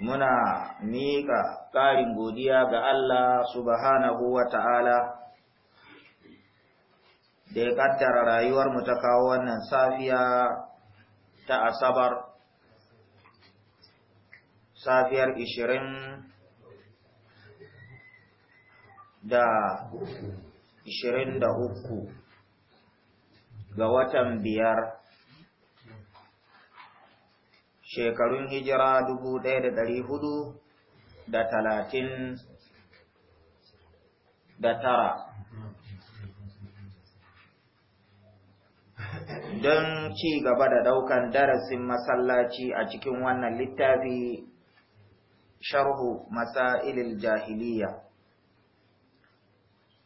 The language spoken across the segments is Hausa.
muna miƙa ƙarin godiya ga Allah subhanahu wa ta'ala da ya ƙattara rayuwarmu ta kawo wannan safiya ta Asabar, safiyar ishirin da ishirin uku ga watan biyar shekarun hijira dubu ɗaya da ɗari hudu da talatin da tara don ci gaba da ɗaukan darasin masallaci a cikin wannan littafi sharhu masailil jahiliya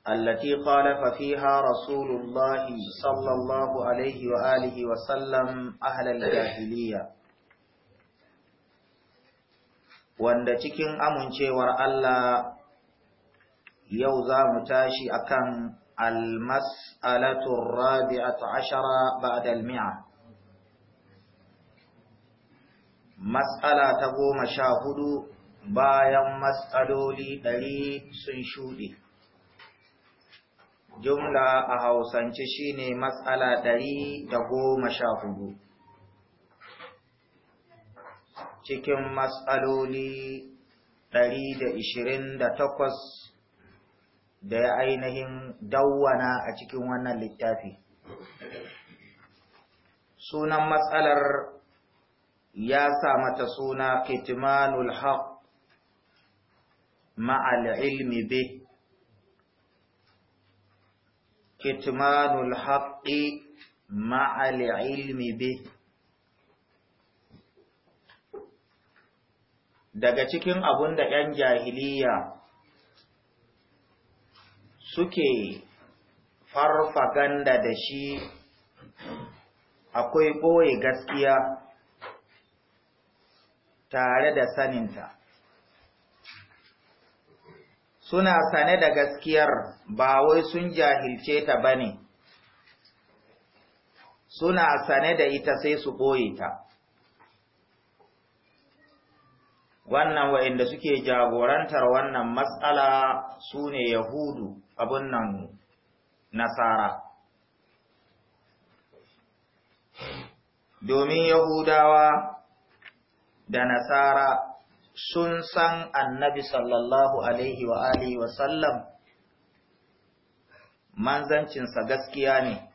التي خالف فيها رسول الله صلى الله عليه وآله وسلم أهل الجاهلية wanda cikin amincewar Allah yau za mu tashi kan almasalatun rabi'atu ashara ba'da al-mi'a Matsala ta goma sha hudu bayan matsaloli ɗari sun shuɗe jumla a hausance shine matsala ɗari da goma sha hudu cikin matsaloli 128 da ya ainihin dawwana a cikin wannan littafi. Sunan matsalar ya sa mata suna Kitmanul Haq ma'al ilmi be. Kitmanul Haqqi ma'al ilmi be. daga cikin abun da ‘yan jahiliya suke farfaganda da shi akwai ɓoye gaskiya tare da saninta. Suna sane da gaskiyar ba wai sun jahilce ta ba ne, suna sane da ita sai su ɓoye ta. wannan wa'inda suke jagorantar wannan matsala su ne yahudu abin nan nasara domin yahudawa da nasara sun san annabi sallallahu alaihi wa alihi wa sallam manzancinsa gaskiya ne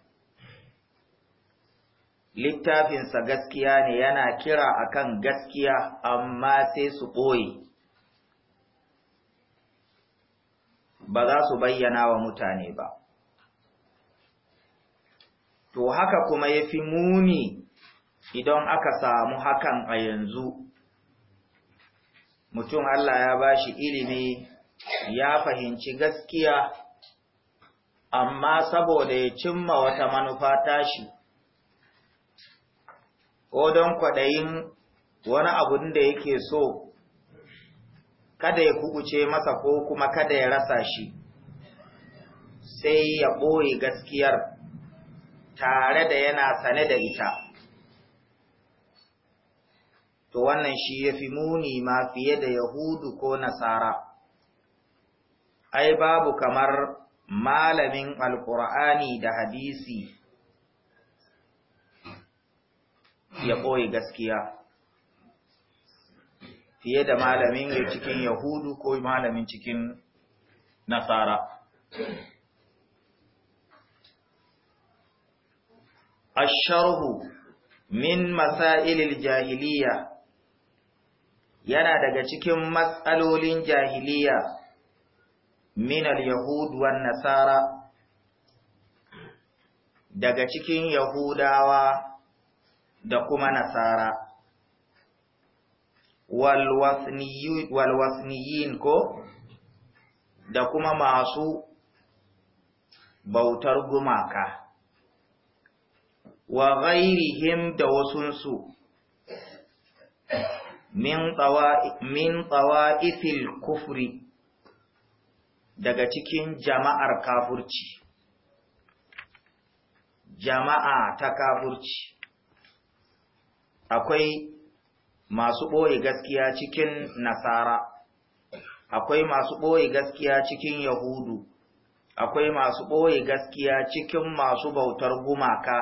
littafinsa gaskiya ne yana kira akan gaskiya amma sai su ɓoye ba za su bayyana wa mutane ba to haka kuma ya fi muni idan aka samu hakan a yanzu mutum Allah ya bashi ilimi ya fahimci gaskiya amma saboda ya cimma wata manufa tashi ko don kwaɗayin wani abun da yake so kada ya kuguce masa ko kuma kada ya rasa shi sai ya ɓoye gaskiyar tare da yana sane da ita to wannan shi ya fi muni ma fiye da yahudu ko nasara ai babu kamar malamin alkur'ani da hadisi ya ɓoye gaskiya fiye da malamin ya cikin yahudu ko malamin cikin nasara asharhu min masailil jahiliya yana daga cikin matsalolin jahiliya min al wan nasara daga cikin yahudawa da kuma nasara walwasniyin ko da kuma masu bautar gumaka wa ghairihim da wasunsu min tsawa'ifil kufri daga cikin jama'ar kafurci jama'a ta kafurci akwai masu ɓoye gaskiya cikin nasara akwai masu ɓoye gaskiya cikin yahudu akwai masu ɓoye gaskiya cikin masu bautar gumaka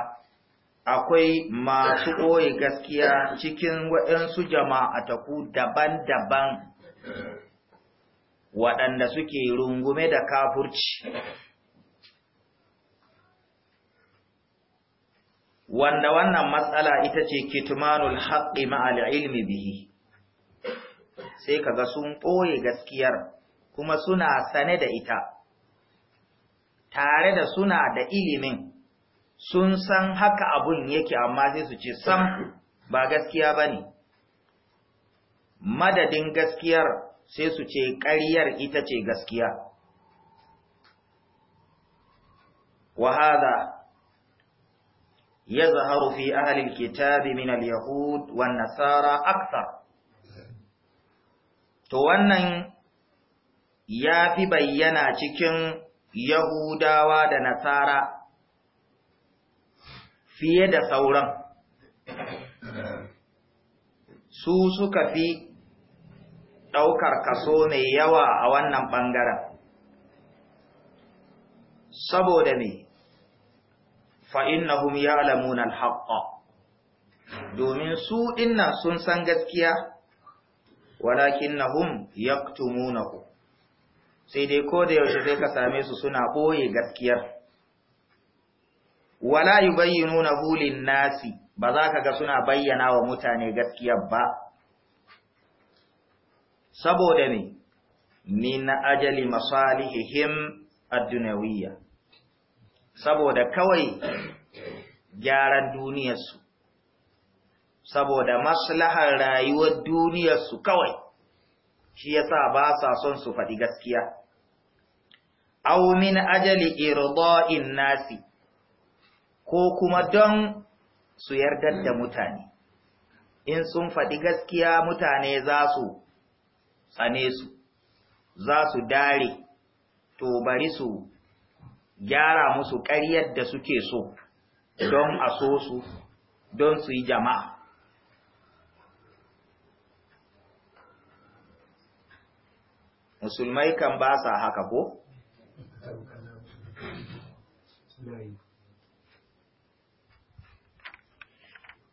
akwai masu ɓoye gaskiya cikin waɗansu jama'ataku daban-daban waɗanda suke rungume da kafurci wanda wannan matsala ita ce kitmanul haqqi ma'al ilmi bihi sai kaga sun ɓoye gaskiyar kuma suna sane da ita tare da suna da ilimin sun san haka abun yake amma sai su ce sam ba gaskiya bane madadin gaskiyar sai su ce ƙaryar ita ce gaskiya wa يظهر في أهل الكتاب من اليهود والنصارى أكثر to wannan ya fi bayyana cikin Yahudawa da Nasara fiye da sauran, su suka fi ɗaukar kaso mai yawa a wannan ɓangaren, saboda me فإنهم يعلمون الحق دومين سوء إنا سنسان جزكيا ولكنهم يقتمونه سيدي كودة وشتيك ساميس سنع بوي جزكيا ولا يبينونه للناس بذاك سنع بينا ومتاني جزكيا با سبو دني من أجل مصالحهم الدنيوية saboda kawai gyaran duniyarsu saboda maslahar rayuwar duniyarsu kawai shi yasa ba sa son su faɗi gaskiya aw min ajali irda'in nasi ko kuma don su yarda da mutane in sun faɗi gaskiya mutane za su tsane su za su dare to bari su gyara musu ƙaryar da suke so don a so su don su yi jama'a musulmai kan ba sa haka ko?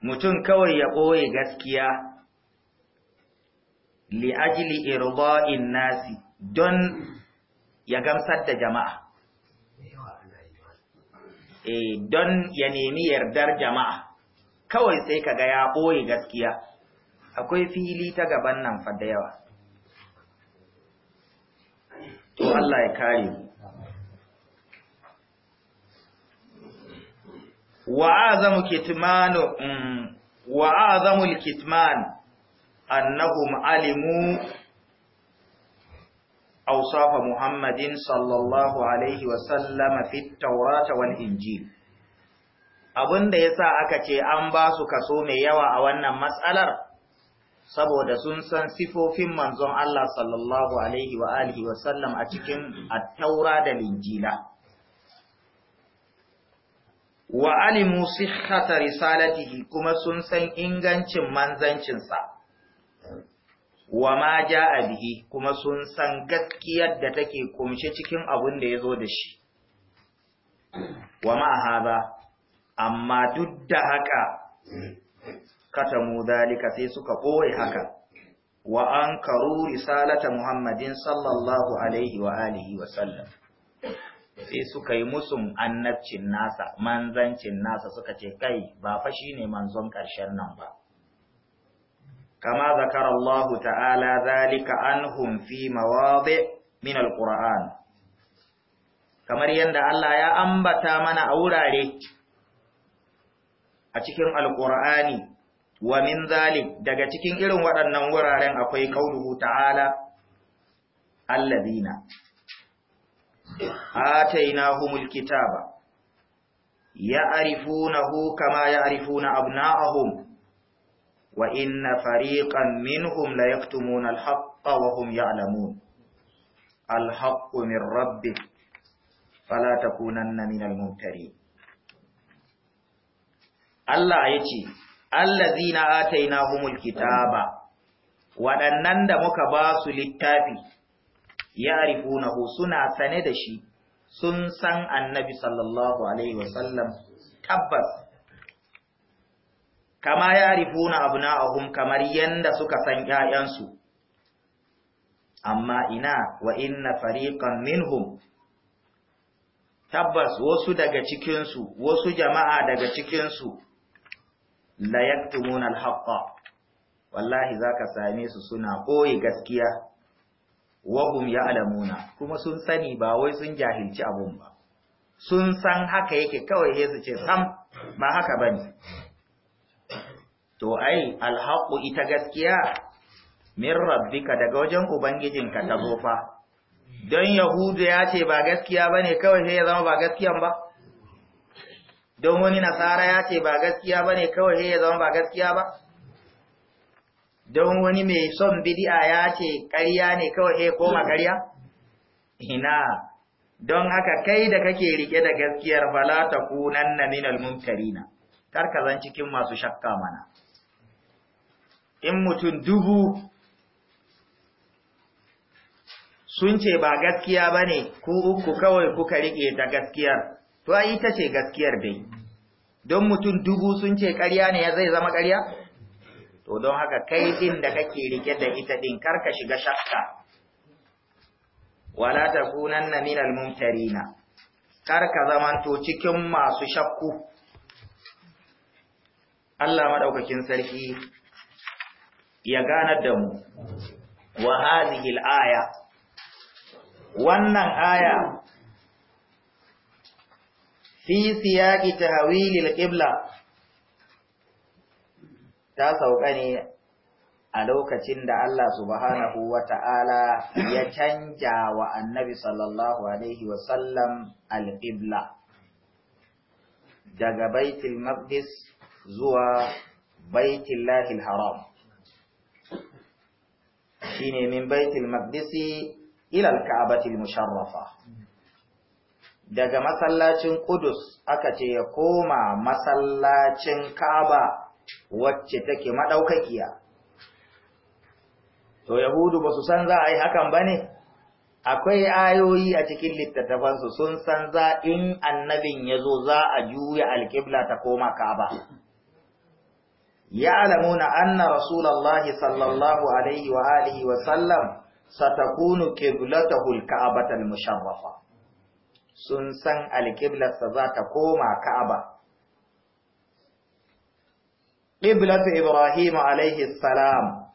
mutum kawai ya ɓoye gaskiya li'ajili irba'in nasi don ya gamsar da jama'a Eh, don ya nemi yardar jama'a kawai sai ka ga ya ɓoye gaskiya akwai fili ta gaban nan fa da yawa to Allah ya kare wa kitmanu mm, wa azamul annahum alimu أوصاف محمد صلى الله عليه وسلم في da ya sa aka ce an ba su kaso mai yawa a wannan matsalar saboda sun san sifofin manzon Allah sallallahu a cikin Attaura da linjila wa alimu sihhata risalatihi kuma sun san ingancin manzancinsa wa ma a bihi kuma sun san gaskiyar da take kumshe cikin abin da ya zo da shi wa ma hada amma duk da haka mu dalika sai suka koye haka wa an ankaru risalata muhammadin sallallahu alaihi wa alihi wa sallam sai suka yi musun annabcin nasa manzancin nasa suka ce kai ba fa ne manzon ƙarshen nan ba kama zakara Allah ta'ala zalika anhum fi mawadi' min alquran kamar yadda Allah ya ambata mana a wurare a cikin Alƙur'ani wa min zalik daga cikin irin waɗannan wuraren akwai qauluhu ta'ala alladhina atainahumul kitaba ya'rifunahu kama ya'rifuna abna'ahum wa inna fariqan minhum la yaktumuna al-haqqa wa hum ya'lamun al-haqqu min rabbik fala takunanna minal mumtarin Allah yace allazina atainahumul kitaba waɗannan da muka ba su littafi ya'rifunahu suna sane da shi sun san annabi sallallahu alaihi wasallam tabbas kama ya rifuna abna'ahum kamar yanda suka san 'ya'yansu. amma ina wa inna fariqan minhum tabbas wasu daga cikinsu wasu jama'a daga cikinsu la yaktumuna al-haqqa wallahi zaka same su suna koyi gaskiya wahum alamuna. kuma sun sani ba wai sun jahilci abun ba sun san haka yake kawai sai sam ba haka bane to ai alhaƙu ita gaskiya min rabbika daga wajen ka ta zofa. fa don yahudu ya ce ba gaskiya bane kawai sai ya zama ba gaskiyan ba don wani nasara ya ce ba gaskiya bane kawai sai ya zama ba gaskiya ba don wani mai son bid'a ya ce ƙarya ne kawai sai koma ƙarya ina don haka kai da kake rike da gaskiyar fala takunanna minal mumtarina kar ka zan cikin masu shakka mana in mutum dubu sun ce ba gaskiya ba ne ku uku kawai kuka riƙe da gaskiyar to a ita ce gaskiyar dai don mutum dubu sun ce ƙarya ne zai zama ƙarya to don haka kai din da kake rike da ita din karka shiga shakka wala na minal mumtarina karka zamanto cikin masu shakku Allah madaukakin sarki ya ganar da mu wa aya wannan aya fi siyaqi tahwil al-qibla ta sauka ne a lokacin da Allah subhanahu wata'ala ya canja wa annabi sallallahu alaihi wa sallam al-qibla daga baitul maqdis zuwa baitullahil haram shine min baitul maqdisi ila al musharrafa daga masallacin Qudus aka ce ya koma masallacin Ka'aba wacce take madaukakiya to yahudu ba su san za a yi hakan bane akwai ayoyi a cikin littattafansu sun san za in annabin ya zo za a juya alƙibla ta koma ka'aba ya'lamuna anna rasulullahi sallallahu alaihi wa alihi wa sallam satakunu qiblatuhu al-ka'batal musharrafa sun san alƙiblarsa za ta koma ka'aba. ƙiblatu Ibrahim alaihi salam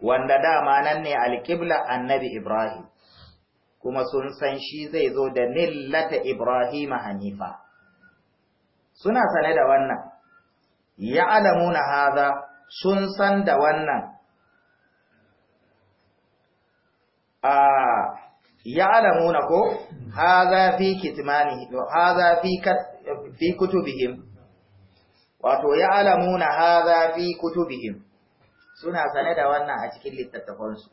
wanda dama nan ne Alkibla annabi Ibrahim, kuma sun san shi zai zo da millata Ibrahim hanifa. Suna sane da wannan, ya'lamuna Haza sun san da wannan a ya'lamuna ko haza fi kitmani Haza fi fi kutubihim wato ya'lamuna haza fi kutubihim suna sane da wannan a cikin littattafansu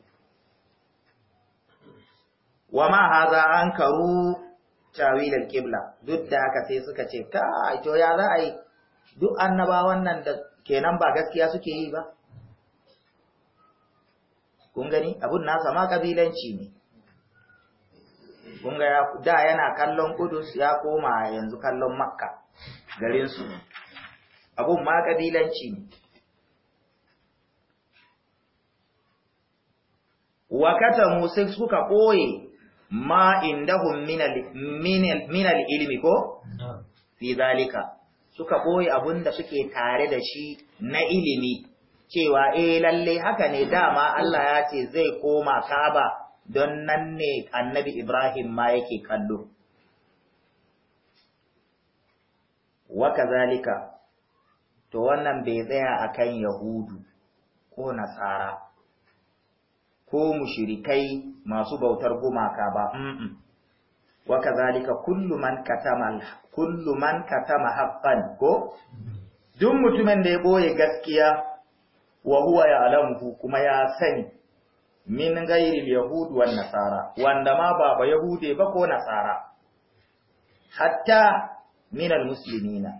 wa ma an ankaru tawilal qibla duk da haka sai suka ce ka to ya za a yi duk annabawan nan da kenan ba gaskiya suke yi ba kun gani abun nasa ma kabilanci ne kun ga da yana kallon kudus ya koma yanzu kallon makka garinsu abun ma kabilanci ne wa kata musa suka koye ma indahum minal minal ilmi ko fi zalika suka ɓoye abun da suke tare da shi na ilimi cewa eh lalle haka ne dama Allah ya ce zai koma Kaba don nan ne Annabi Ibrahim ma yake kallo wa kazalika to wannan bai tsaya akan yahudu ko nasara ko mushrikai masu bautar gumaka ba mm -mm. wa kazalika kullu man katama kullu man katama haqqan ko duk mutumin da ya boye gaskiya wa huwa ya'lamuhu kuma ya sani min ghairil yahud wan nasara wanda ma ba ba yahude ba ko nasara hatta min al muslimina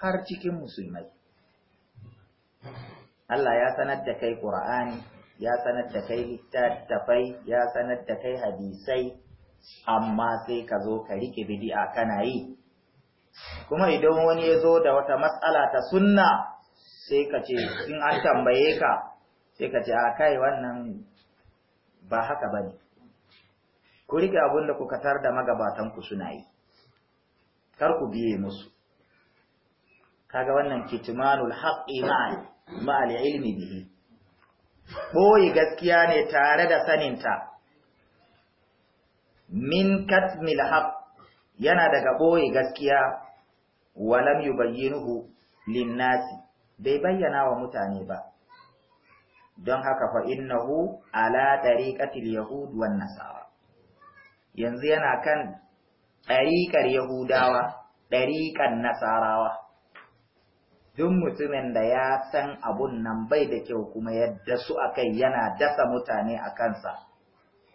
har cikin musulmai Allah ya sanar da kai Qur'ani ya sanar da kai littattafai ya sanar da kai hadisai amma sai ka zo ka riƙe bidi'a kana yi kuma idan wani ya zo da wata matsala ta sunna sai ka ce in an tambaye ka sai ka ce a kai wannan ba haka ba ne. ku rike abin da kuka tar da magabatan ku suna yi kar ku biye musu kaga wannan kitmanul haqqi ma'al ma'al ilmi bihi boye gaskiya ne tare da saninta min katmil haq yana daga boye gaskiya walam yubayyinuhu linnasi bai bayyana wa mutane ba don haka fa innahu ala tariqatil yahud wan nasara yanzu yana kan ɗariƙar yahudawa tariqan nasarawa duk mutumin da ya san abun nan bai da kyau kuma yadda su akai yana dasa mutane a kansa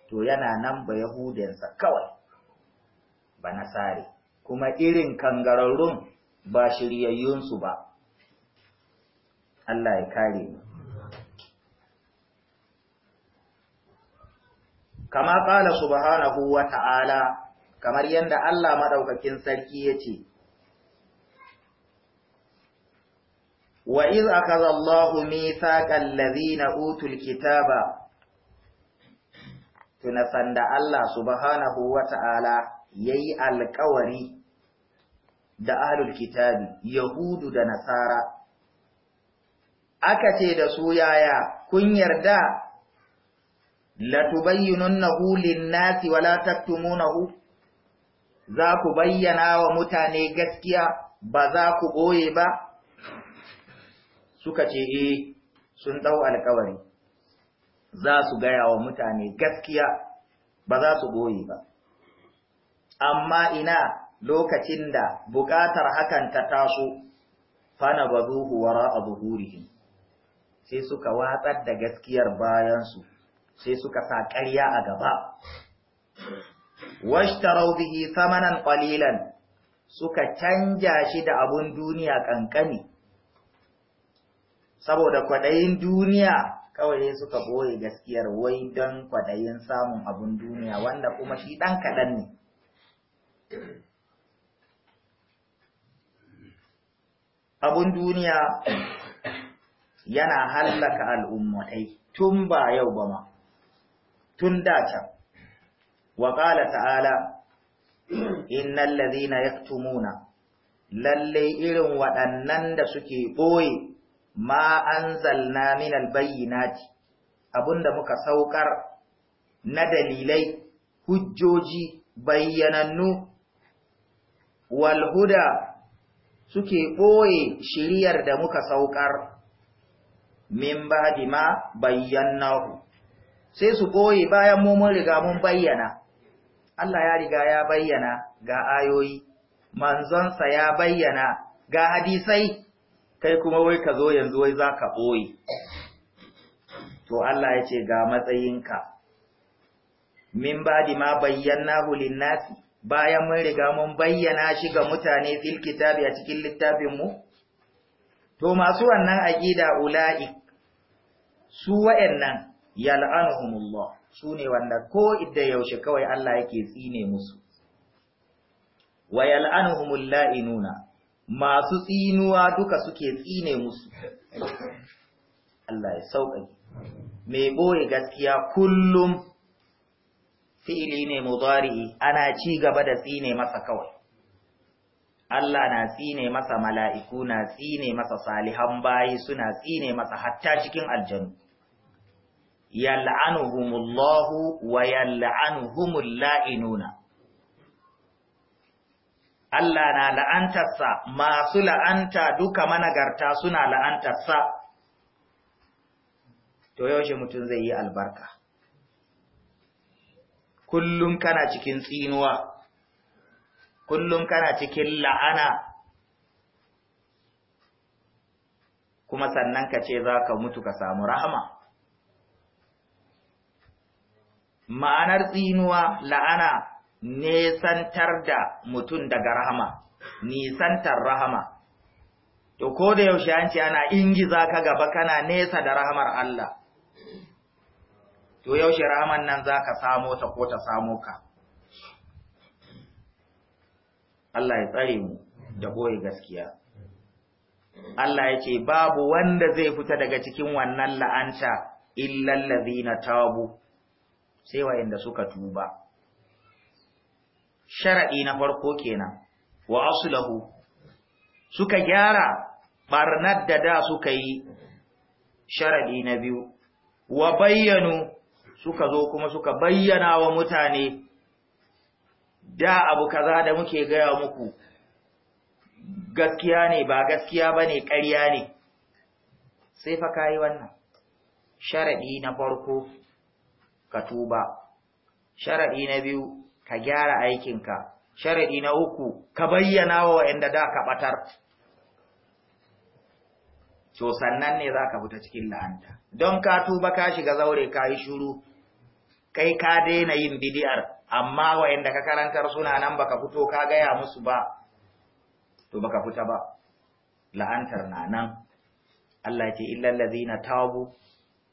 to yana nan ba Yahudansa kawai ba sare, kuma irin kangararrun ba shiryayyunsu ba Allah ya kare mu kama kala subhanahu wa ta'ala kamar yadda Allah madaukakin sarki yace wa iz akhadha Allahu mithaqal ladhina utul kitaba tuna sanda Allah subhanahu wa ta'ala ya yi alkawari da ahlul kitabi, Yahudu da Nasara, aka ce da su yaya kun yarda latubayyinunnahu linnasi wala taktumunahu za ku bayyana wa mutane gaskiya ba za ku ɓoye ba, suka ce, e, sun ɗau alkawari. za su gaya wa mutane gaskiya ba za su goyi ba amma ina lokacin da buƙatar hakan ta taso fana bazuhu wara a zuhurihim sai suka watsar da gaskiyar bayansu sai suka sa ƙarya a gaba washtarau bihi samanan ƙwalilan suka canja shi da abun duniya kankani saboda kwaɗayin duniya kawai suka ɓoye gaskiyar wai don kwadayin samun abun duniya wanda kuma shi ɗan kaɗan ne abun duniya yana hallaka al'ummatai tun ba yau ba ma tun dace wa ƙala ta'ala innal ladhina yaktumuna lalle irin waɗannan da suke ɓoye ma anzalna minal bayyinati abinda muka saukar na dalilai hujjoji bayyanannu wal suke ɓoye shiriyar da muka saukar min ba ma bayyanahu sai su ɓoye bayan mun riga mun bayyana Allah ya riga ya bayyana ga ayoyi manzonsa ya bayyana ga hadisai kai kuma wai ka zo yanzu wai za ka ɓoye to Allah ya ce ga matsayinka min badi ma bayyana hulin nasi bayan mun riga mun bayyana shi ga mutane fil kitabi a cikin littafinmu? To masu wannan aƙida ula'i, su wa'yannan yal'anuhumullah su ne wanda ko idda yaushe kawai Allah yake tsine musu, wa yal'anuhumullahi nuna, masu tsinuwa duka suke tsine musu Allah ya sauƙaƙi mai ɓoye gaskiya kullum fi'ili ne mudari ana ci gaba da tsine masa kawai Allah na tsine masa mala'iku na tsine masa salihan bayi suna tsine masa hatta cikin aljanu yal'anuhumullahu wa yal'anuhumul la'inuna Allah na la'antarsa masu la'anta duka managarta suna la'antarsa to yaushe mutum zai yi albarka kullum kana cikin tsinuwa kullum kana cikin la'ana kuma sannan ka ce za ka mutu ka samu rahama ma'anar tsinuwa la'ana nesantar da mutum daga rahama nisantar rahama to ko da yaushe an ce ana ingiza ka gaba kana nesa da rahamar Allah to yaushe rahaman nan za ka samo ta ko ta samo ka Allah ya tsare mu da boye gaskiya Allah ya ce babu wanda zai fita daga cikin wannan la'anta illallazi na tabu sai wayanda suka tuba sharaɗi na farko kenan wa aslahu suka gyara barnar da da suka yi sharaɗi na biyu wa bayyanu suka zo kuma suka bayyana wa mutane da abu kaza da muke gaya muku gaskiya ne ba gaskiya ba ne ƙarya ne sai fa kayi wannan sharaɗi na farko ka tuba sharaɗi na biyu ka gyara aikinka sharadi na uku ka bayyana wa wa'anda da ka batar to sannan ne za ka fita cikin la'anta don ka tuba ka shiga zaure ka yi shuru kai ka daina yin bidiyar amma wa'anda ka karantar suna nan baka fito ka gaya musu ba to baka fita ba la'antar na nan Allah ce illal na tabu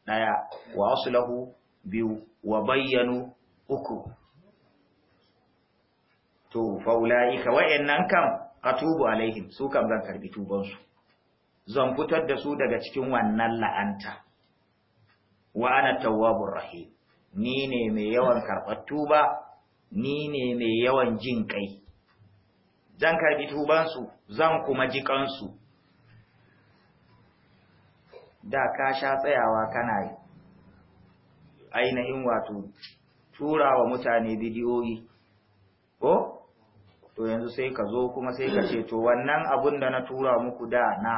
ɗaya, wa aslahu biyu wa bayyanu uku to faula'ika wayannan kam atubu alaihim su kam zan karbi tubansu zan fitar da su daga cikin wannan la'anta wa ana tawwabur rahim ni ne mai yawan karɓar tuba ni ne mai yawan jin kai zan karbi tubansu zan kuma ji kansu da ka sha tsayawa kana yi. ainihin wato tura wa mutane bidiyoyi ko to yanzu sai ka zo kuma sai ka ce to wannan abun da na tura muku da na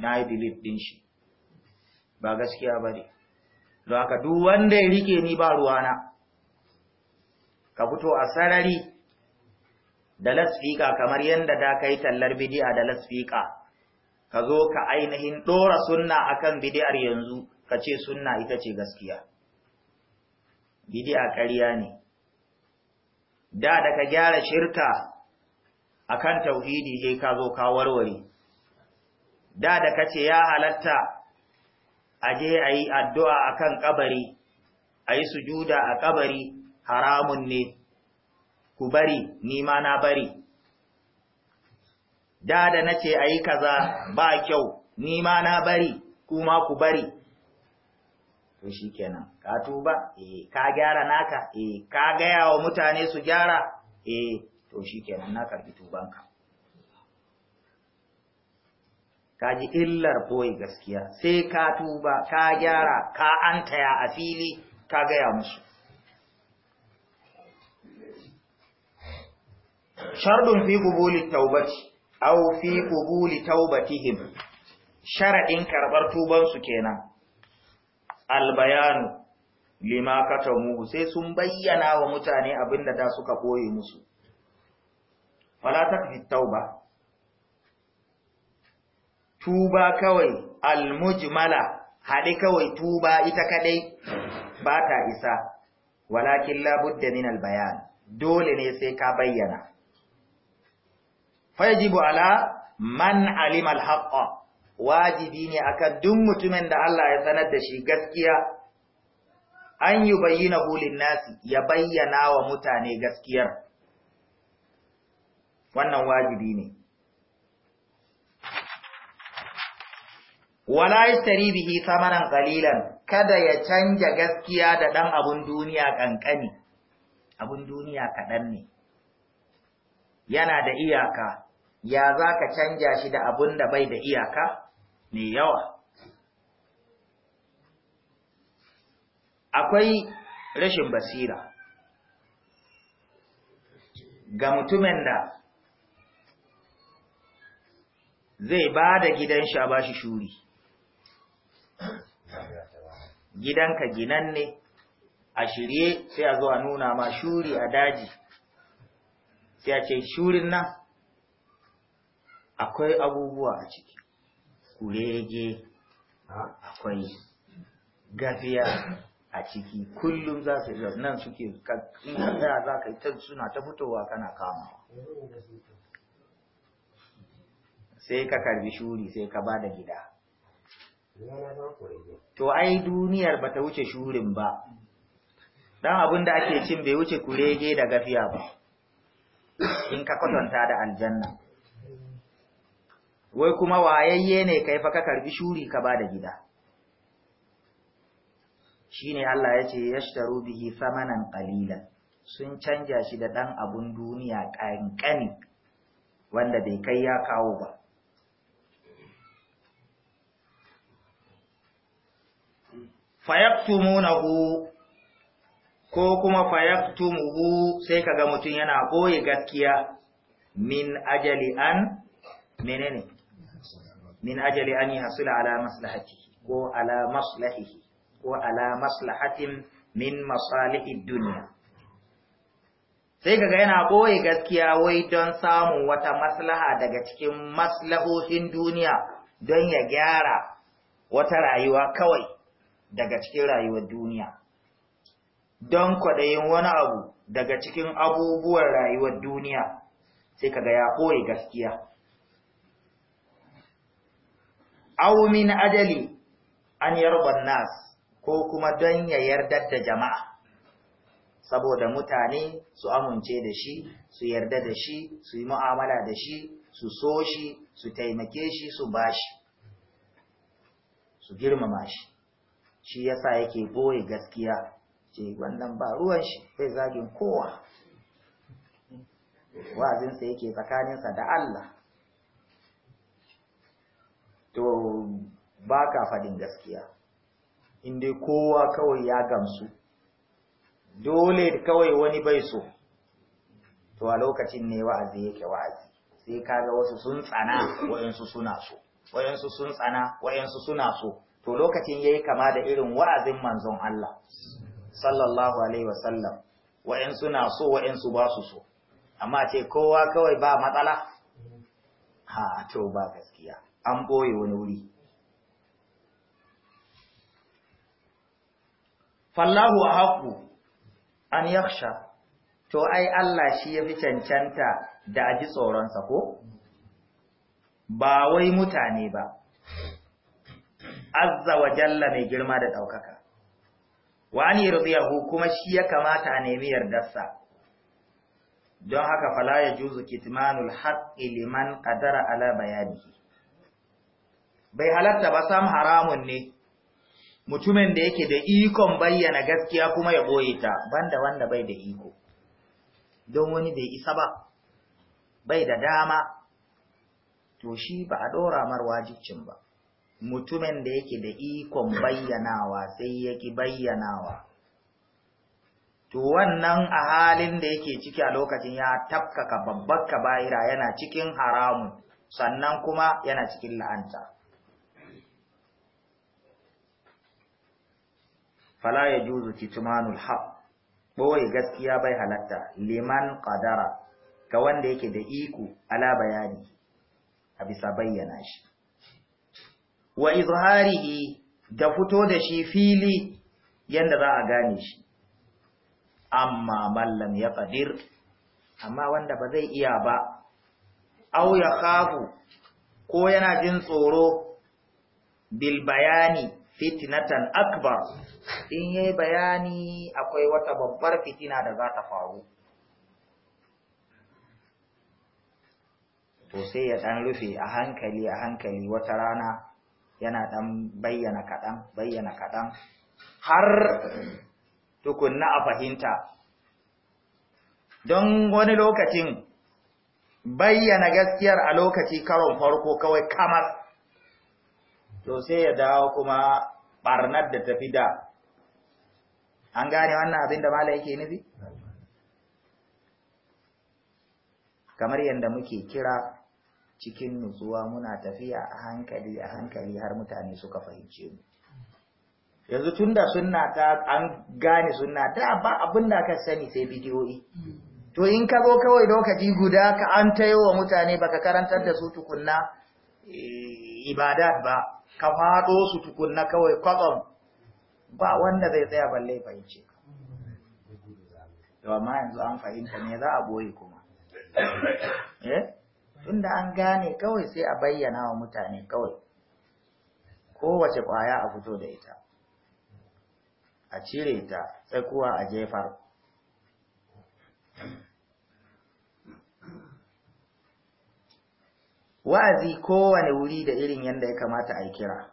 na yi din shi ba gaskiya ba ne don haka duk wanda ya rike ni ba ruwana ka fito a sarari da lasfika kamar yadda da ka tallar bidi'a da lasfika ka zo ka ainihin ɗora sunna akan bidi'ar yanzu ka ce sunna ita ce gaskiya bidi'a ƙarya ne da da ka gyara shirka akan tauhidi sai ka zo ka warware da da ka ce ya halatta aje ayi addu'a akan kabari ayi sujuda a ƙabari haramun ne ku bari ni ma na bari da da nace ayi kaza ba kyau ni ma na bari kuma ku bari to shi kenan ka tuba eh ka gyara naka eh ka gaya wa mutane su gyara eh to shi kenan na karbi tubanka ka ji illar boye gaskiya sai ka tuba ka gyara ka antaya a fili ka gaya musu shardun fi kubuli taubati aw fi kubuli taubatihim sharadin karbar tubansu kenan limaa lima katamuhu sai sun bayyana wa mutane abinda taa suka koye musu fala takfi tauba tuba kawai almujmala hade kawai tuba ita kadai ba ta isa walakin labudda min albayan dole ne sai ka bayyana fayajibu alaa man alima alhaqqa wajibi ne akan duk mutumin da Allah ya sanar da shi gaskiya an yi bayyana hulin nasi ya bayyana wa mutane gaskiyar wannan wajibi ne wala yashtari bihi samanan qalilan kada ya canja gaskiya da dan abun duniya kankani abun duniya kadan ne yana da iyaka ya zaka canja shi da abun da bai da iyaka mai yawa akwai rashin basira ga mutumin da zai ba da gidan sha ba shi shuri gidanka ginan ne a shirye sai a zo nuna ma shuri a daji sai a ce shurin nan akwai abubuwa a ciki kurege akwai gafiya a ciki kullum za su yi nan suke za ka yi ta suna ta fitowa kana kama sai ka karbi shuri sai ka ba da gida to ai duniyar ba ta wuce shurin ba dan abin da ake cin bai wuce kurege da gafiya ba in ka kwatanta da aljanna wai kuma wayayye ne kai fa ka karbi shuri ka bada gida shine Allah yace yashtaru bihi samanan qalila sun canja shi da dan abun duniya kankani wanda bai kai ya kawo ba fayaktumunahu ko kuma fayaktumuhu sai kaga mutum yana boye gaskiya min ajali an menene min ajali an yahsula ala maslahatihi ko ala maslahihi ko ala maslahatin min masalihid dunya sai kaga yana boye gaskiya wai don samun wata maslaha daga cikin maslahohin duniya don ya gyara wata rayuwa kawai daga cikin rayuwar duniya don kwaɗayin wani abu daga cikin abubuwan rayuwar duniya sai kaga ya ɓoye gaskiya Aumin min ajali an yarban nas ko kuma don ya yarda da jama'a saboda mutane su amince da shi su yarda da shi su yi mu'amala da shi su so shi su taimake shi su bashi su girmama shi shi yasa yake boye gaskiya ce wannan ba ruwan shi bai zagin kowa wazinsa yake tsakaninsa da Allah to ba ka faɗin gaskiya inda kowa kawai ya gamsu dole kawai wani bai so to a lokacin ne wa'azi yake wa'azi sai kaga wasu sun tsana wayansu suna so wayansu sun tsana wayansu suna so to lokacin yayi kama da irin wa'azin manzon Allah sallallahu alaihi wasallam wayansu na so wayansu ba su so amma ce kowa kawai ba matsala ha to ba gaskiya an ɓoye wani wuri fallahu a haku an yaksha to ai Allah shi ya fi cancanta da aji ji tsoronsa ko ba wai mutane ba azza wa jalla mai girma da ɗaukaka wa an kuma shi ya kamata a nemi yardarsa don haka fala ya juzu kitmanul haqqi liman qadara ala bayanihi bai halatta ba sam haramun ne mutumin da yake da ikon bayyana gaskiya kuma ya ɓoye ta banda wanda bai da iko don wani bai isa ba bai da dama to shi ba a dora mar wajibcin ba mutumin da yake da ikon bayyanawa sai yake bayyanawa to wannan a halin da yake ciki a lokacin ya tafkaka babbar kaba'ira yana cikin haramun sannan kuma yana cikin la'anta fala ya juzu kitmanul haq boye gaskiya bai halatta liman qadara ga wanda yake da iko ala bayani a bisa bayyana shi wa izharihi da fito da shi fili yanda za a gane shi amma mallam ya qadir amma wanda ba zai iya ba au ya khafu ko yana jin tsoro bil bayani fitnatan akbar in yayi bayani akwai wata babbar fitina da za ta faru to sai ya dan rufe a hankali a hankali wata rana yana dan bayyana kaɗan bayyana kaɗan har tukunna a fahimta don wani lokacin bayyana gaskiyar a lokaci karon farko kawai kamar to sai ya dawo kuma barnar da tafi da an gane wannan abin da mala yake nufi kamar yadda muke kira cikin nutsuwa muna tafiya a hankali a hankali har mutane suka fahimce mu yanzu tunda sunna ta an gane sunna da ba abin da ka sani sai bidiyoyi to in ka zo kawai lokaci guda ka an tayo wa mutane baka karantar da su tukunna eh, ibadat ba ka faɗo su tukunna kawai kwatsam ba wanda zai tsaya balle fahimce ka yau amma yanzu an fahimta ne za a boye kuma eh? tunda an gane kawai sai a bayyana wa mutane kawai kowace ƙwaya a fito da ita a cire ta tsakuwa a jefar wa'azi kowane wuri da irin yadda ya kamata a kira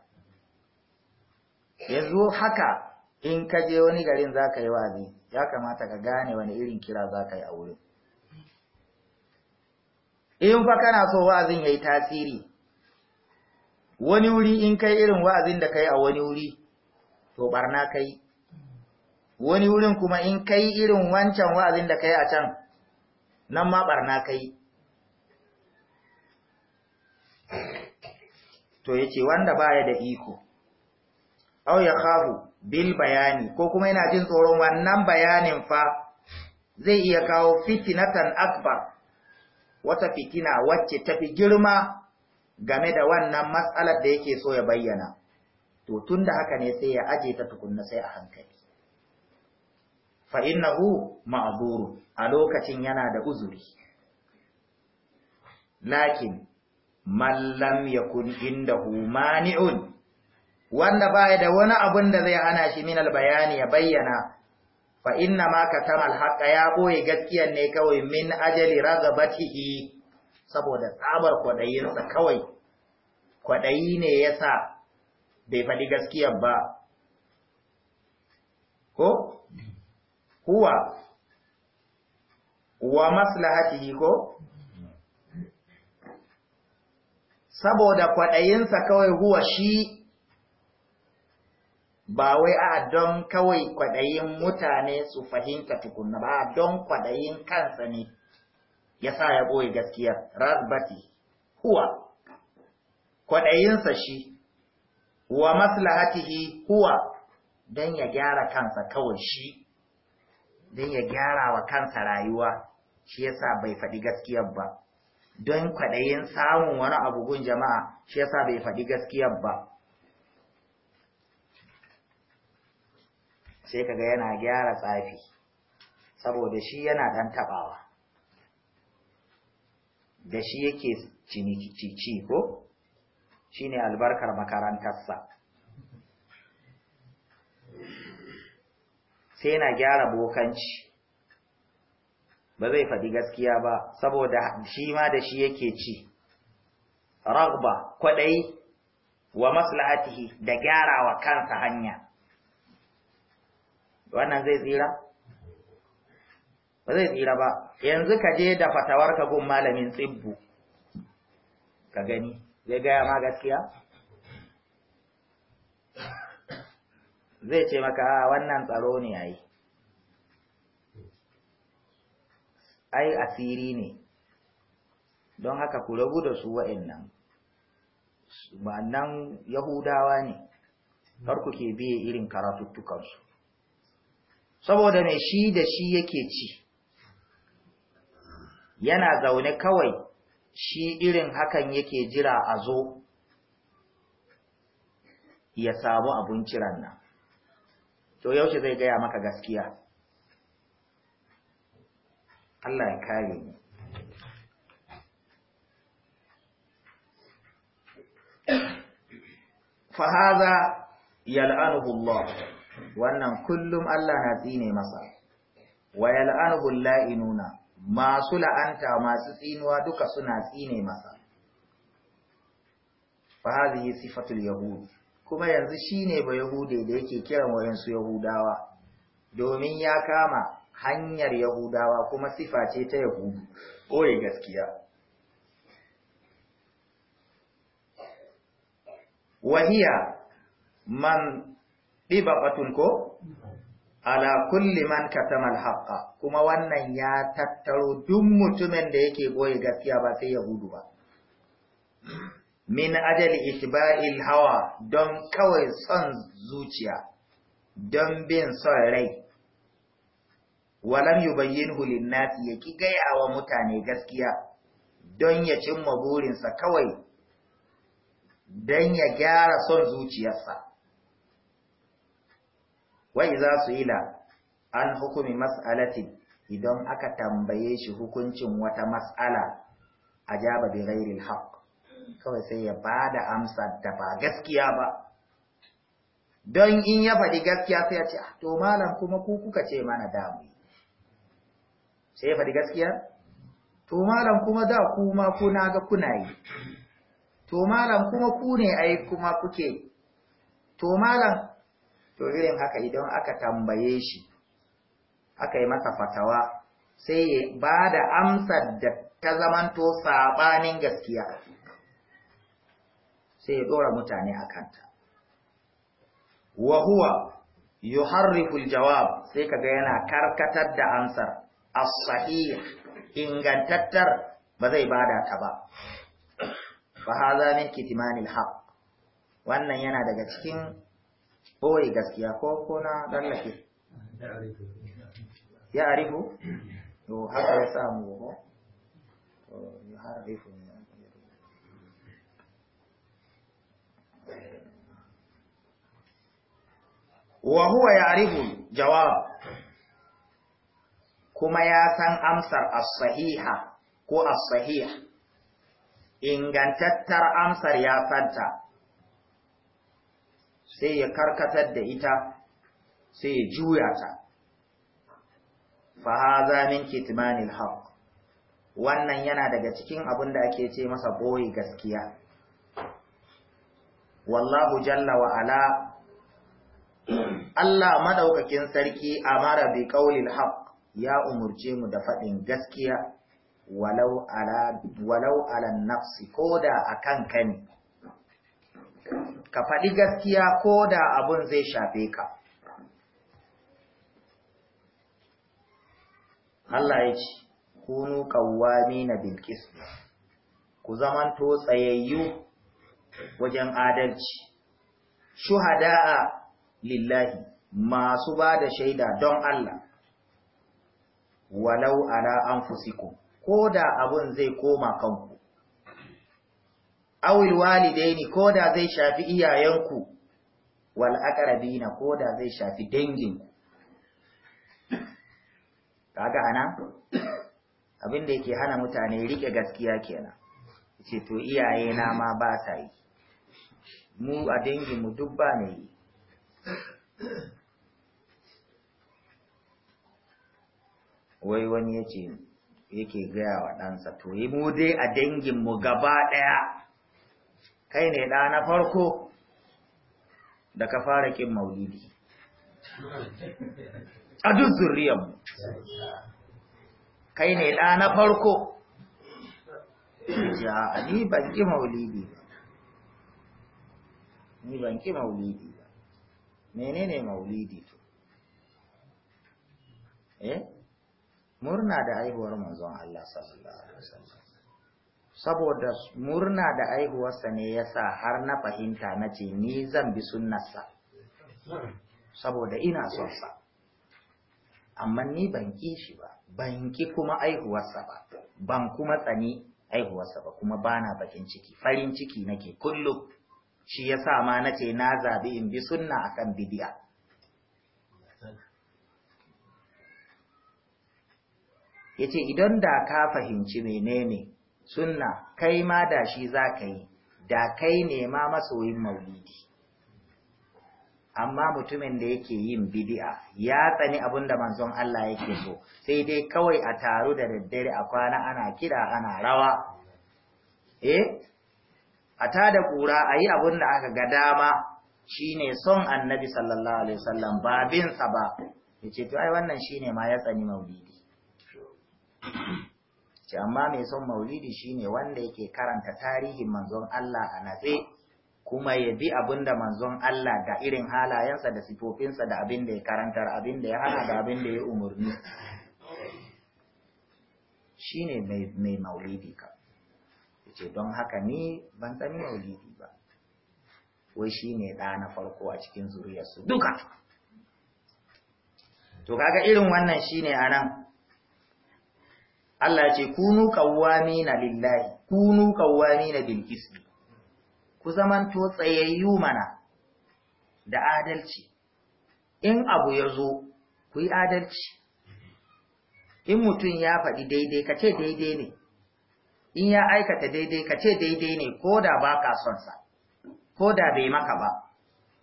yanzu haka in ka je wani garin za ka yi wa'azi ya kamata ka gane wani irin kira za ka yi a wurin in fa kana so wa'azin ya yi tasiri wani wuri in kai irin wa'azin da kai a wani wuri to barna kai wani wurin kuma in kai irin wancan wa'azin da kai a can nan ma barna kai to yace wanda baya da iko aw ya khafu bil bayani ko kuma yana jin tsoron wannan bayanin fa zai iya kawo fitinatan akbar wata fitina wacce tafi girma game da wannan matsalar da yake so ya bayyana to tunda haka ne sai ya aje ta tukunna sai a hankali fa innahu ma'zuru a lokacin yana da uzuri lakin mallam yakun indahu mani'un wanda baya da wani abun da zai hana shi min albayani ya bayyana fa inna ma katama alhaqa ya boye gaskiyan ne kawai min ajali ragabatihi saboda tsabar sa kawai kwadayi ne yasa bai faɗi gaskiyan ba ko huwa wa maslahatihi ko saboda kwaɗayinsa kawai huwa shi ba wai a don kawai kwaɗayin mutane su fahimta tukunna ba don kwaɗayin kansa ne ya sa ya ɓoye gaskiya rasbati huwa kwaɗayinsa shi wa maslahatihi huwa don ya gyara kansa kawai shi don ya gyara wa kansa rayuwa shi yasa bai faɗi gaskiyar ba don kwaɗayin samun wani abubuwan jama'a shi yasa bai faɗi gaskiyar ba sai kaga yana gyara tsafi saboda shi yana ɗan taɓawa da shi yake ciniki ko shi ne albarkar makarantarsa sai yana gyara bokanci ba zai faɗi gaskiya ba saboda shi ma da shi yake ci ragba kwaɗayi wa maslahatihi da gyara wa kansa hanya wannan zai tsira ba zai tsira ba yanzu ka je da fatawar ka gun malamin tsibbu ka gani zai gaya ma gaskiya zai ce maka wannan tsaro ne yayi ai asiri ne don haka ku rabu da su wa'annan ma'annan yahudawa ne kar ku ke biye irin karatuttukansu saboda mai shi da shi yake ci yana zaune kawai shi irin hakan yake jira a zo ya samu abun ciran nan to yaushe zai gaya maka gaskiya Allah ya kare mu fa hadha yal'anuhu Allah wannan kullum Allah na tsine masa wa yal'anuhu la'inuna masu la'anta masu tsinuwa duka suna tsine masa fa hadhihi sifatul yahud kuma yanzu shine ba yahude da yake kiran wayansu yahudawa domin ya kama hanyar yahudawa kuma sifa ce ta yahudu ɓoye gaskiya wahiya man batun, ko ala kulli man katama alhaqa kuma wannan ya tattaro duk mutumin da yake ɓoye gaskiya ba sai yahudu ba min ajali itba'il hawa don kawai son zuciya don bin son rai walam yubayyinhu linnasi ya ki gaya wa mutane gaskiya don ya cimma burinsa kawai don ya gyara son zuciyarsa wa idza su'ila an hukumi mas'alatin idan aka tambaye shi hukuncin wata mas'ala ajaba bi ghairil haqq kawai sai ya bada amsa da ba gaskiya ba don in ya faɗi gaskiya sai ya ce ah, to malam kuma ku kuka ce mana damu sai ya faɗi gaskiya to malam kuma da kuma kuna ga kuna yi to malam kuma ku ne ai kuma kuke to malam to irin haka idan aka tambaye shi aka yi masa fatawa sai ya ba da amsar da ta zamanto saɓanin gaskiya sai ya ɗora mutane a kanta wa huwa yuharriful jawab sai kaga yana karkatar da amsar as-sahih ingantattar ba zai bada ta ba fa hadha min kitmanil haqq wannan yana daga cikin boye gaskiya ko ko na dallake ya arifu to haka ya samu ko to ya arifu wa huwa ya arifu jawab kuma ya san amsar as-sahiha ko as-sahih ingantattar amsar ya santa sai ya karkatar da ita sai ya juya ta fa hadha min kitmanil haqq wannan yana daga cikin abin da ake ce masa boye gaskiya wallahu jalla wa ala Allah madaukakin sarki amara bi qaulil haqq ya umurce mu da faɗin gaskiya walau ala walau ala nafsi koda akan kani ka faɗi gaskiya ko da abun zai shafe ka Allah ya ce kunu qawwamina bil qist ku zaman to tsayayyu wajen adalci shuhada'a lillahi masu ba da shaida don Allah walau ala anfusikum ko da abun zai koma kanku awil walidaini ko da zai shafi iyayenku wal aqrabina ko da zai shafi danginku kaga ana abin da yake hana mutane rike gaskiya kenan ce to iyaye na ma ba sa yi mu a danginmu duk ba ne wai wani yace yake gaya wa ɗansa to yi mu dai a danginmu gaba ɗaya kai ne ɗa na farko da ka fara ƙin maulidi a duk zuriyarmu kai ne ɗa na farko ya ni ban ƙi maulidi ba ni ban ƙi maulidi ba menene maulidi to eh murna da aihuwar manzon Allah sallallahu alaihi wasallam saboda murna da aihuwarsa ne yasa har na fahimta na ce ni zan bi sunnarsa saboda ina son sa amma ni ban ki shi ba ban ki kuma aihuwarsa ba ban kuma tsani aihuwarsa ba kuma bana bakin ciki farin ciki nake kullum shi yasa ma nace na zabi in bi sunna akan bid'a yace idan da ka fahimci menene sunna kai ma da shi za ka yi da kai ne ma masoyin maulidi amma mutumin da yake yin bidi'a ya tsani abin da manzon Allah yake so sai dai kawai a taru da daddare a kwana ana kira ana rawa eh a ta ƙura kura ayi abin da aka ga dama shine son annabi sallallahu alaihi wasallam babin sa ba yace to ai wannan shine ma ya tsani maulidi ce amma mai son maulidi shine wanda yake karanta tarihin manzon Allah a natse kuma ya bi abin da manzon Allah da irin halayensa da sifofinsa da abin da ya karantar abin da ya hana da abin da ya umarni shine mai maulidi ka ce don haka ni ban tsani maulidi ba wai shine ɗa na farko a cikin zuriyarsu duka to kaga irin wannan shine nan Allah ce kunu na lillahi kunu qawwamina bil qisti ku zamanto tsayayyu mana da adalci in abu ya zo ku yi adalci in mutum ya faɗi daidai ka ce daidai ne in ya aikata daidai ka ce daidai ne ko da ba ka son sa ko bai maka ba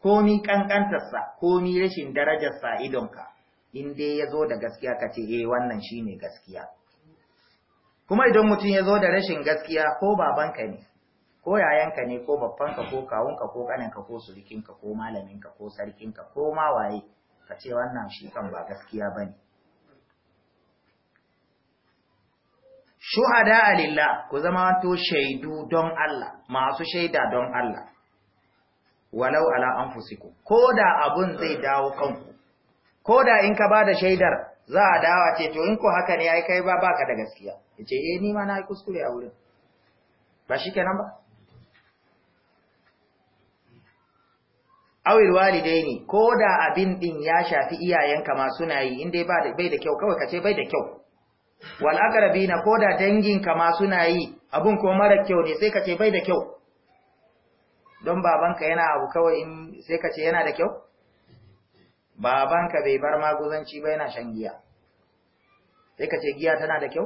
komi kankantarsa komi rashin darajarsa idonka in dai ya zo da gaskiya ka ce eh wannan shine gaskiya kuma idan mutum ya zo da rashin gaskiya ko babanka ne ko yayanka ne ko babbanka ko kawunka ko kaninka ko surikinka ko malaminka ko sarkinka ko ma waye ka ce wannan shi kan ba gaskiya ba ne. shuhada alillah ku zama to shaidu don Allah masu shaida don Allah walau ala anfusikum ko abun zai dawo kanku ko in ka ba da shaidar za a dawa ce to in ko haka ne ai kai ba baka da gaskiya yace eh ni ma na yi kuskure a wurin ba shikenan ba awil walidaini ko da abin din ya shafi iyayenka ma suna yi in dai ba da bai da kyau kawai kace bai da kyau wal aqrabina ko da danginka ma suna yi abun ko mara kyau ne sai kace bai da kyau don babanka yana abu kawai in sai kace yana da kyau babanka bai bar maguzanci ba yana shan giya sai ka ce giya tana da kyau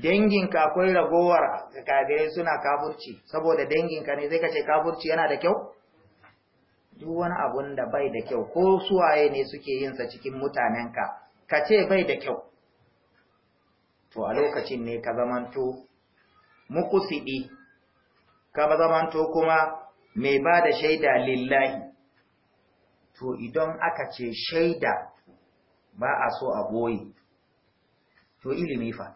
danginka akwai ragowar kafirai suna kafurci saboda danginka ne sai ka ce kafurci yana da kyau duk wani abun da bai da kyau ko suwaye ne suke yinsa cikin mutanenka ka ce bai da kyau to a lokacin ne ka zamanto mukusidi ka zamanto kuma mai ba da shaida lillahi to idan aka ce shaida ba a so a boye to ilimi fa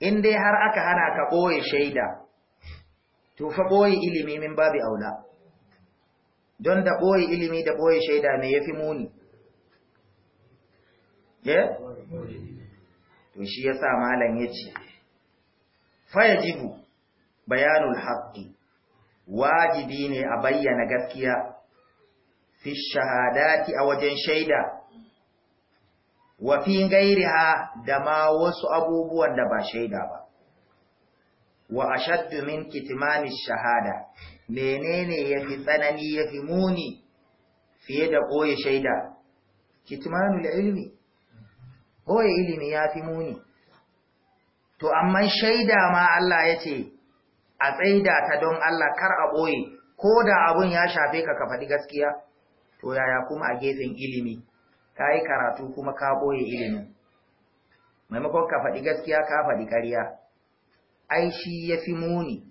in dai har aka hana ka boye shaida to fa boye ilimi min babu aula don da boye ilimi da boye shaida me yafi muni Ke? to shi yasa malam yace fa yajibu bayanul haqqi wajibi ne a bayyana gaskiya fi shahadati a wajen shaida wa fi ha da ma wasu abubuwan da ba shaida ba wa ashaddu min kitmani shahada menene ya fi tsanani ya fi muni fiye da ɓoye shaida da ilmi koye ilimi ya fi muni to amma shaida ma Allah yace a tsaida ta don Allah kar a boye ko da abun ya shafe ka ka faɗi gaskiya to yaya kuma a gefen ilimi ka yi karatu kuma ka ɓoye ilimi? maimakon ka faɗi gaskiya ka faɗi ƙarya ai shi ya fi muni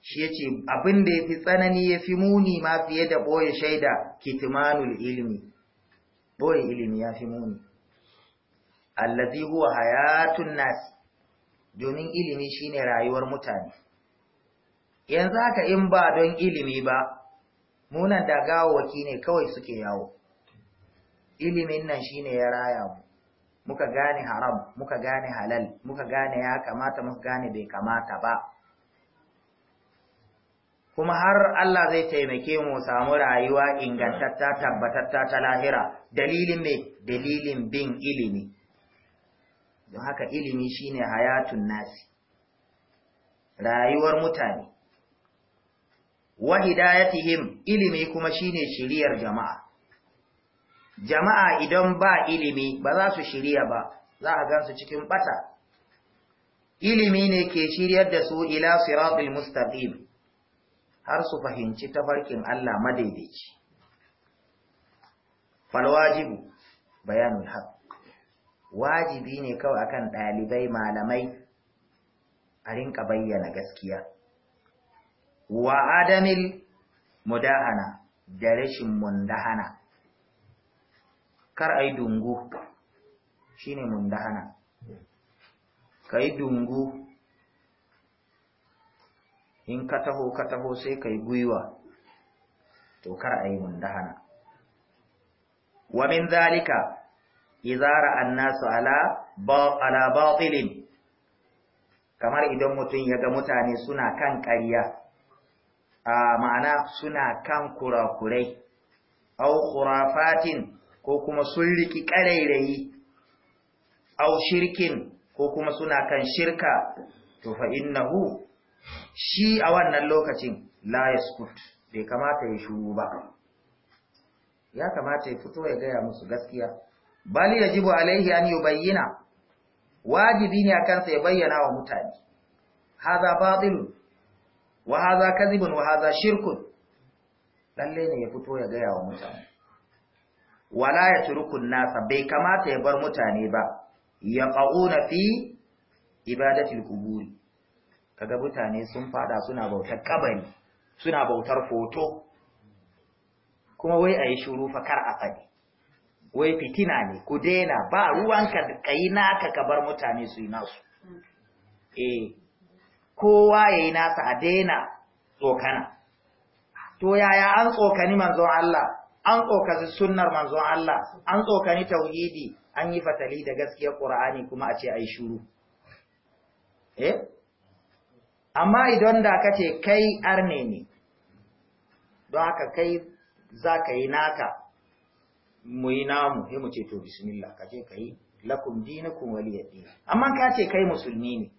shi ya ce abin da ya fi tsanani ya fi muni ma fiye da ɓoye shaida kitimanul ilimi ɓoye ilimi ya fi muni allazi huwa hayatun nasi, domin ilimi shine rayuwar mutane yanzu haka in ba don ilimi ba munan da gawawaki ne kawai suke yawo ilimin nan shine ya raya mu muka gane haram muka gane halal muka gane ya kamata muka gane bai kamata ba kuma har Allah zai taimake mu samu rayuwa ingantatta tabbatatta ta lahira dalilin me dalilin bin ilimi don haka ilimi shine hayatun nasi rayuwar mutane wa hidayatihim ilimi kuma shine shiriyar jama'a jama'a idan ba ilimi ba za su shiriya ba za a gansu cikin bata ilimi ne ke shiryar da su ila siratul mustaqim har su fahimci tafarkin Allah madaidaici fal wajibu bayanul haqq wajibi ne kawai akan dalibai malamai a rinka bayyana gaskiya wa adamil mudahana da rashin mundahana kar ai dungu shine mundahana kai dungu in ka taho ka taho sai kai gwiwa to kar ai mundahana wa min zalika izara annasu ala ba ala batilin kamar idan mutum ya ga mutane suna kan ƙarya a ma'ana suna kan kurakurai au khurafatin ko kuma sun riki ƙarairayi au shirkin ko kuma suna kan shirka to fa innahu shi a wannan lokacin la yaskut bai kamata ya shuru ba ya kamata ya fito ya gaya musu gaskiya bali yajibu alaihi an yubayyana wajibi ne a kansa ya bayyana wa mutane Haza batil wa haza kadhibun wa haza shirkun lalle ne ya fito ya gaya wa mutane wala ya turukun nasa bai kamata ya bar mutane ba ya qauna fi ibadatil quburi kaga mutane sun fada suna bautar kabari suna bautar foto kuma wai ayi shuru fa kar a fadi wai fitina ne ku daina ba ruwanka kai naka ka bar mutane su yi nasu eh kowa ya yi nasa a daina tsokana to yaya an tsokani manzon Allah an tsokazi sunnar manzon Allah an tsokani tauhidi an yi fatali da gaskiyar Ƙur'ani kuma a ce yi shuru eh amma idan da kace kai arne ne don haka kai za ka yi naka mu yi namu sai mu ce to bismillah ka yi lakum waliyar waliyadin amma kace kai musulmi ne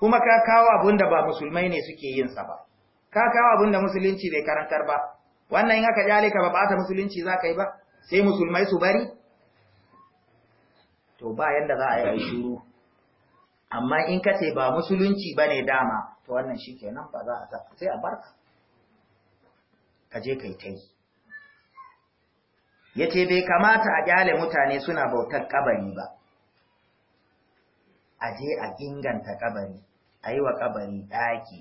kuma ka kawo abin da ba musulmai ne suke yin sa ba ka kawo abin da musulunci bai karantar ba wannan in aka jale ka ba ba musulunci za ka yi ba sai musulmai su bari to ba yanda za a yi aishuru. amma in ka ce ba musulunci ba ne dama to wannan shi kenan ba za a ta, sai a barka ka je kai ta yi ya ce bai kamata a jale mutane suna bautar kabari ba a je a inganta kabari a yi wa kabari ɗaki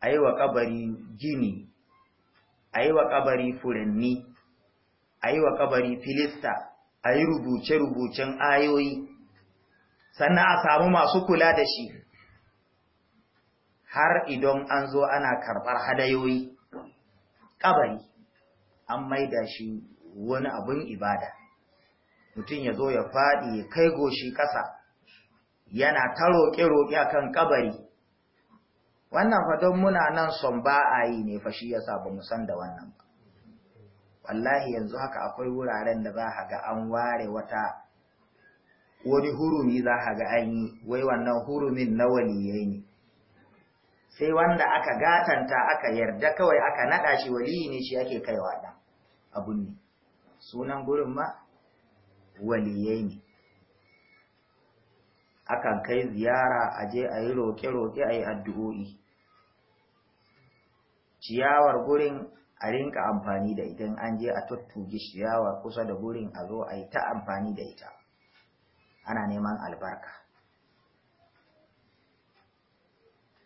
a yi wa kabari gini a yi wa kabari furanni a yi wa kabari filista a yi rubuce-rubucen ayoyi sannan a samu masu kula da shi har idan an zo ana karɓar hadayoyi kabari an maida shi wani abun ibada mutum ya zo ya faɗi ya kai goshi ƙasa yana ta roƙe-roƙe a kan ƙabari wannan fadon muna nan son ba a yi ne fa shi yasa ba mu san da wannan ba wallahi yanzu haka akwai wuraren da za a ga an ware wata wani hurumi za a ga an yi wai wannan hurumin na waliyai ne sai wanda aka gatanta aka yarda kawai aka naɗa shi waliyi ne shi ake kaiwa ɗan abun ne sunan gurin ma waliyai ne akan kai ziyara a je a yi roƙe-roƙe a yi addu'o'i ciyawar gurin a rinka amfani da idan an je a tattuge ciyawar kusa da gurin a zo a yi ta amfani da ita ana neman albarka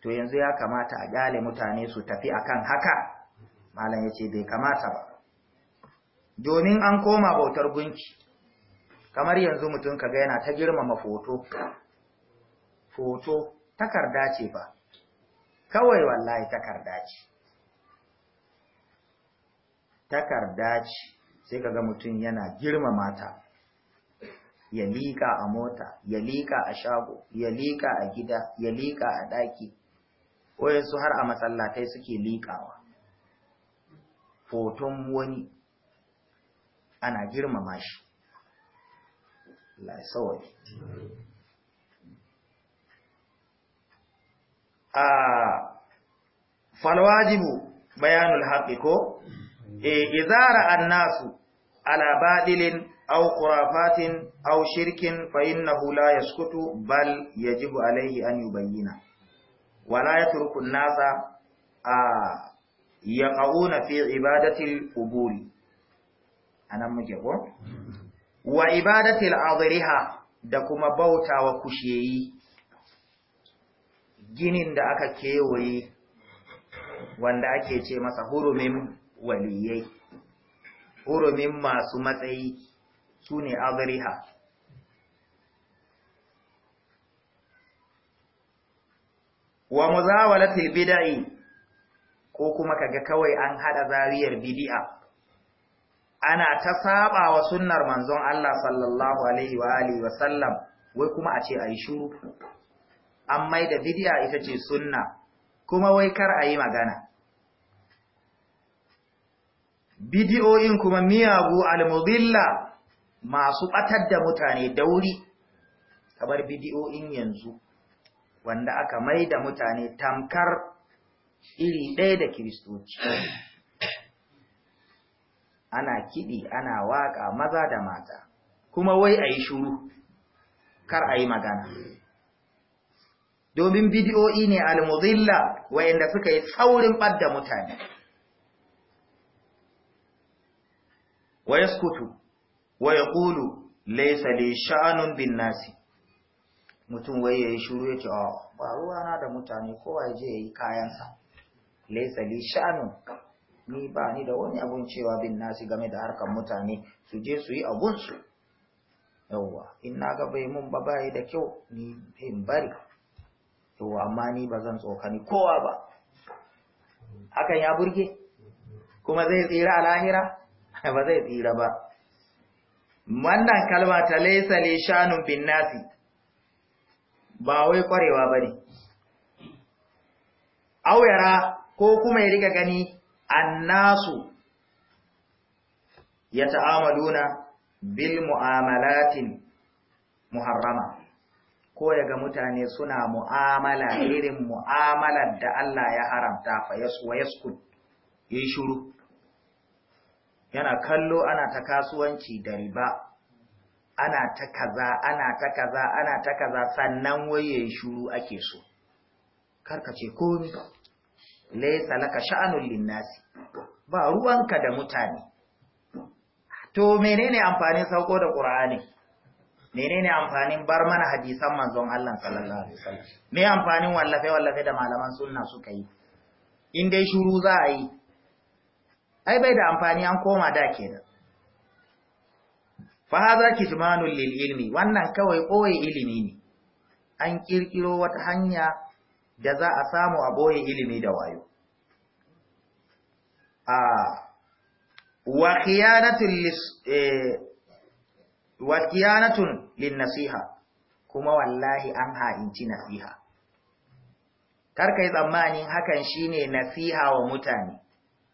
to yanzu ya kamata a gyale mutane su tafi akan haka malam ya ce bai kamata ba domin an koma bautar gunki kamar yanzu mutum kaga yana ta girmama foto hoto takarda ce ba kawai wallahi takarda ce takarda ce sai kaga mutum yana girmama ta ya liƙa a mota ya liƙa a shago ya liƙa a gida ya liƙa a ɗaki su har a masallatai suke liƙawa foton wani ana girmama shi Allah ya a falwajibu bayanul haqqi ko e izara annasu ala badilin au khurafatin aw shirkin fa hula ya yaskutu bal ya yajibu alaihi an yubayyina wala ya an-nasa a ya yaqauna fi ibadatil a nan muke ko wa ibadatil adriha da kuma bautawa kusheyi ginin da aka kewaye wanda ake ce masa hurumin waliyai hurumin masu matsayi su ne azriha wa muzawalatil bidai ko kuma kaga kawai an hada zariyar bid'a ana ta saba wa sunnar manzon Allah sallallahu alaihi wa alihi wa sallam wai kuma a ce ayi shuru an mai da bidiya ita ce sunna kuma wai kar a yi magana bidiyoyin kuma miyagu almudilla masu batar da mutane dauri kamar bidiyoyin yanzu wanda aka mai da mutane tamkar iri ɗaya da kiristoci ana kiɗi ana waƙa maza da mata kuma wai a yi shuru kar a yi magana domin bidiyo'i ne al-mudilla wayanda suka yi saurin ɓadda mutane wa yaskutu wa yaqulu laysa li sha'anun bin nasi mutum wai yayi shiru yace a ah, ba ruwa na da mutane kowa ya je yayi kayansa laysa li sha'anun ni ba ni da wani abun cewa bin nasi game da harkar mutane su je su yi abun su yawwa in na ga bai mun ba bai da kyau ni in bari to amma ni ba zan tsokani kowa ba hakan ya burge kuma zai tsira a lahira ba zai tsira ba wannan kalma ta laisa shanun bin nasi ba wai kwarewa ba ne auyara ko kuma ya rika gani annasu ya ta'amaluna bil mu'amalatin muharrama ko ya ga mutane suna mu'amala irin mu'amalar da Allah ya haramta fa yaswa yaskut yi shuru yana kallo ana ta kasuwanci da riba ana ta kaza ana ta kaza ana ta kaza sannan waye shuru ake so karkace komai laysa laka sha'anul linnasi ba ruwanka da mutane to menene amfanin sauko da qur'ani menene amfanin bar mana hadisan manzon Allah sallallahu alaihi wasallam me amfanin wallafe wallafe da malaman sunna suka yi in dai shuru za a yi ai bai da amfani an koma da kenan fa hadha kitmanul lil ilmi wannan kawai koyi ilimi ne an kirkiro wata hanya da za a samu a boye ilimi da wayo a ah, wa khiyanatul eh, wakiyanatun lin nasiha kuma wallahi an ha'inci nasiha karka yi tsammanin hakan shine nasiha wa mutane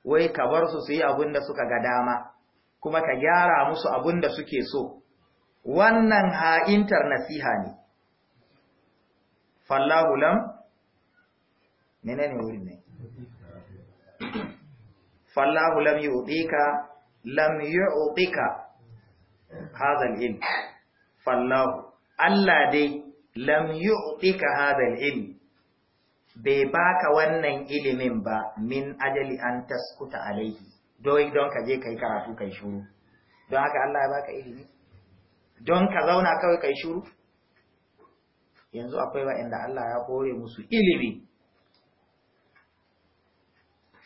wai ka bar su su yi abin da suka ga dama kuma ka gyara musu abin da suke so wannan ha'intar nasiha ne fallahu lam menene wurin ne fallahu lam yu'tika lam yu'tika hadha al-ilm fallahu Allah dai lam yu'tika hadha al-ilm bai baka wannan ilimin ba min ajali an taskuta alaihi doi don ka je kai karatu kai shuru don haka Allah ya baka ilimi don ka zauna kawai kai shuru yanzu akwai wa'anda Allah ya kore musu ilimi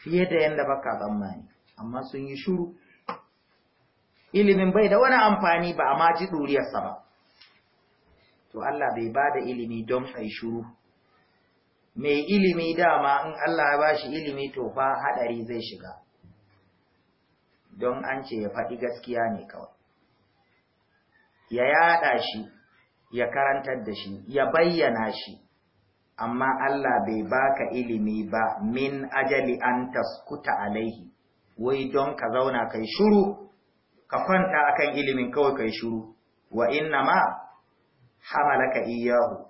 fiye da yanda baka tsammani amma sun yi shuru ilimin bai da wani amfani ba a maji ɗuriyarsa ba to Allah bai ba da ilimi don ai shuru mai ilimi dama in Allah ya bashi ilimi to fa haɗari zai shiga don an ce ya faɗi gaskiya ne kawai ya yada shi ya karantar da shi ya bayyana shi amma Allah bai baka ilimi ba min ajali an taskuta alaihi wai don ka zauna kai shuru ka kwanta akan ilimin kawai kai shuru, wa inna ma hamalaka iyahu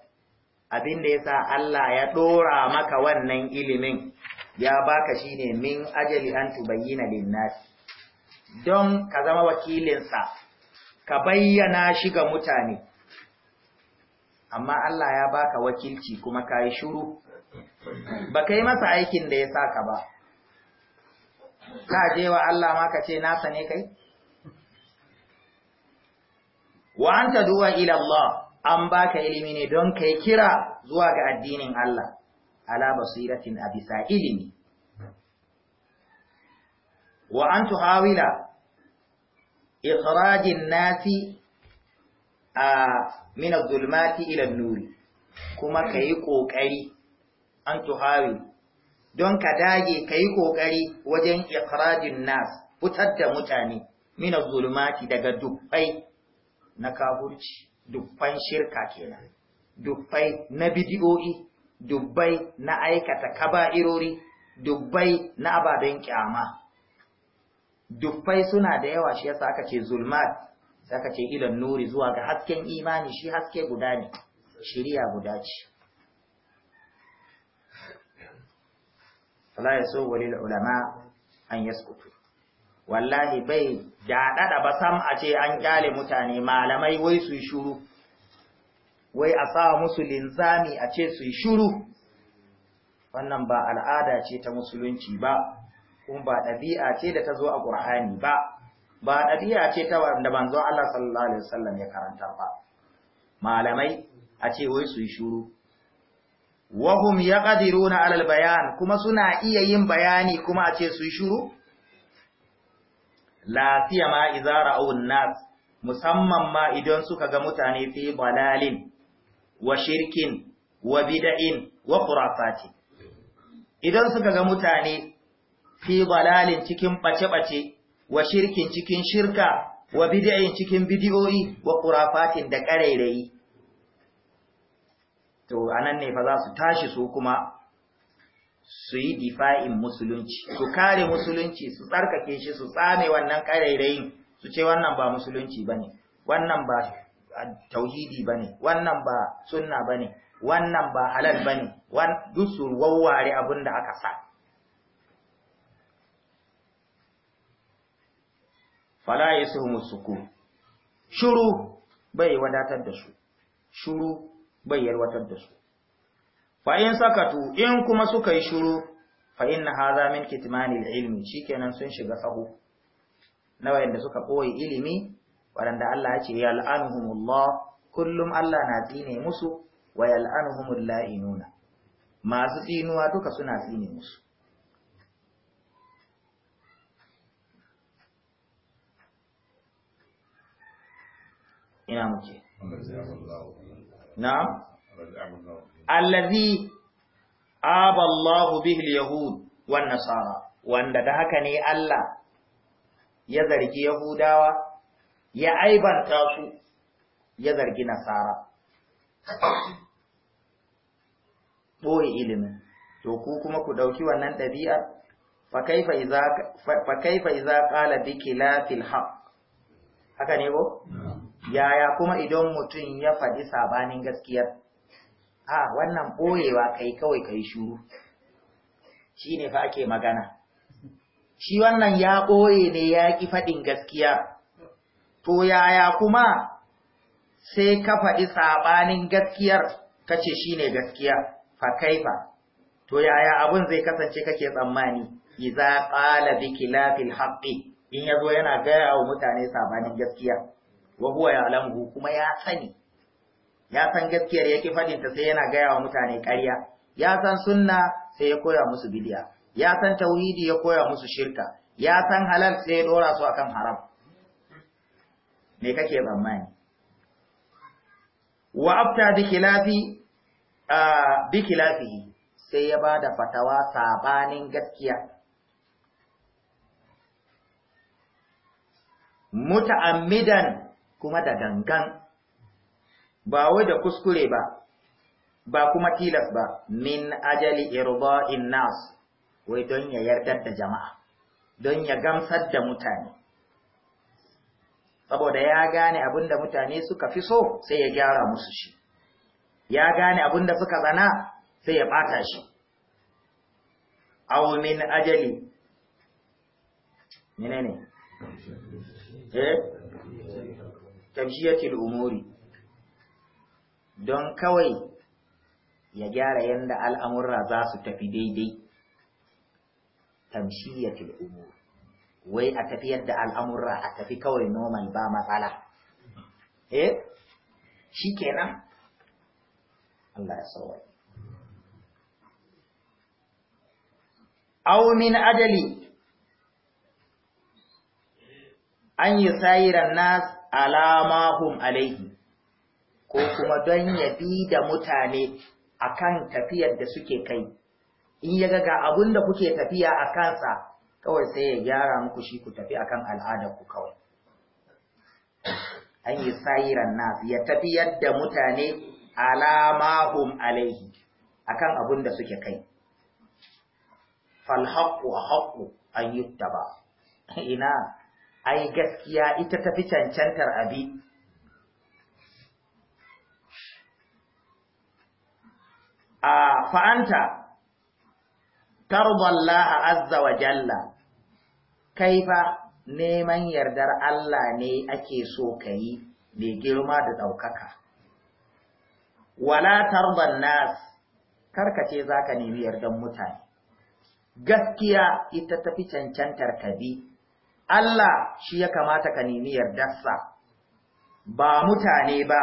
abin da yasa Allah ya ɗora maka wannan ilimin ya baka shine min ajali an tubayyana linnas don ka zama wakilinsa ka bayyana shi ga mutane amma Allah ya baka wakilci kuma kai shiru baka yi masa aikin da ya sa ka ba ka je wa Allah ma ka ce na sane kai wa anta duwa ila Allah an baka ilimi ne don kai kira zuwa ga addinin Allah ala basiratin abisa ilimi wa an tuhawila ikhrajin nasi a min zulmati ila nuri kuma kai kokari an tuhawil don ka dage kai kokari wajen ikhrajin nas fitar da mutane min zulmati daga dubbai na kaburci dubban shirka kenan dubbai na bidiyoyi dubbai na aikata kaba'irori dubbai na ababen kyama dubbai suna da yawa shi yasa aka ce zulmat sai aka ce ilan nuri zuwa ga hasken imani shi haske guda ne shiriya guda ce fala yaso walil ulama an yaskutu wallahi bai daɗaɗa ba sam a ce an ƙyale mutane malamai wai su yi shuru wai a sa musu linzami a ce su yi shuru wannan ba al'ada ce ta musulunci ba kuma ba ɗabi'a ce da ta zo a ƙur'ani ba ba ɗabi'a ce ta wanda manzo Allah sallallahu alaihi wasallam ya karanta ba malamai a ce wai su yi shuru wahum yaqdiruna alal bayan kuma suna iya yin bayani kuma a ce su yi shuru lafiya ma izara awun nas musamman ma idan suka ga mutane fi balalin wa shirkin wa bida'in wa khurafati idan suka ga mutane fi balalin cikin bace-bace wa shirkin cikin shirka wa bida'in cikin bidiyoyi wa khurafatin da ƙarairayi to anan ne fa za su tashi su kuma su yi difa'in musulunci su kare musulunci su tsarkake shi su tsame wannan karairayin su ce wannan ba musulunci bane wannan ba tauhidi bane wannan ba sunna bane wannan ba halal bane duk su wawware abin aka sa fala yasuhum musuku, shuru bai wadatar da su shuru bai yalwatar da su fa in sakatu in kuma suka yi shuru, fa inna hadha min kitmanil shi kenan sun shiga tsaho. na wayanda suka koyi ilimi waɗanda Allah ya ce kullum Allah na tsine musu wa yal'anuhumul la'inuna masu tsinuwa duka suna tsine musu ina muke na allazi aballahu bihil yahud wan nasara wanda da haka ne Allah ya zargi yahudawa ya aibanta su ya zargi nasara boye ilimi. to ku kuma ku dauki wannan ɗabi'ar? fa kaifa idza fa kaifa idza qala haka ne ko yaya kuma idan mutum ya faɗi sabanin gaskiya a wannan ɓoyewa kai kawai kai shuru shi ne fa ake magana shi wannan ya ɓoye ne ya ƙi faɗin gaskiya to yaya kuma sai ka faɗi saɓanin gaskiyar kace shi ne gaskiya fa fa. to yaya abun zai kasance kake tsammani iza qala bi khilafil haqqi in yazo yana gaya wa mutane saɓanin gaskiya wa huwa ya'lamu kuma ya sani ya san gaskiyar yake faɗin ta sai yana gaya wa mutane ƙarya ya san sunna sai ya koya musu bidiya ya san tauhidi ya koya musu shirka ya san halal sai ya dora su akan haram me kake tsammani wa abta bi khilafi bi khilafi sai ya bada fatawa sabanin gaskiya muta'ammidan kuma da gangan ba wai da kuskure ba ba kuma tilas ba min ajali in nas wai don ya yardar da jama'a don ya gamsar da mutane saboda ya gane abin da mutane suka fi so sai ya gyara musu shi ya gane abin da suka zana sai ya bata shi aw min ajali menene eh tabshiyatul umuri don kawai ya gyara yadda al'amurra za su tafi daidai tamshiyatul umur wai a tafi yadda al'amurra a tafi kawai normal ba matsala eh shi kenan Allah ya sauwa aw min ajali an yusayira nas alama hum alaihi ko kuma don ya bi da mutane akan tafiyar da suke kai in ya ga abun da kuke tafiya a kansa kawai sai ya gyara muku shi ku tafi akan al'adar ku kawai an yi sayiran nas ya tafi yadda mutane alamahum alaihi kan abun da suke kai a haku an ba. ina ai gaskiya ita tafi cancantar abi a fa'anta tarballaha azza wa jalla kai fa neman yardar Allah ne ake so ka yi mai girma da ɗaukaka wala tarban nas karkace za ka nemi yardan mutane gaskiya ita tafi cancantar ka bi Allah shi ya kamata ka nemi yardarsa ba mutane ba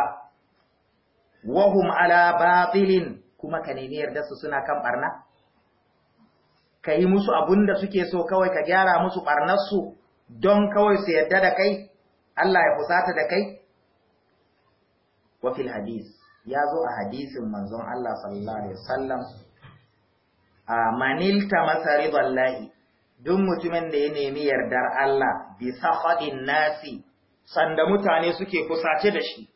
wahum ala batilin kuma ka nemi yarda su suna kan barna ka yi musu abun da suke so kawai ka gyara musu barnarsu don kawai su yarda da kai Allah ya fusata da kai wa fil hadis ya zo a hadisin manzon Allah sallallahu alaihi wasallam a manilta masari lahi duk mutumin da ya nemi yardar Allah bisa faɗin nasi sanda mutane suke kusace da shi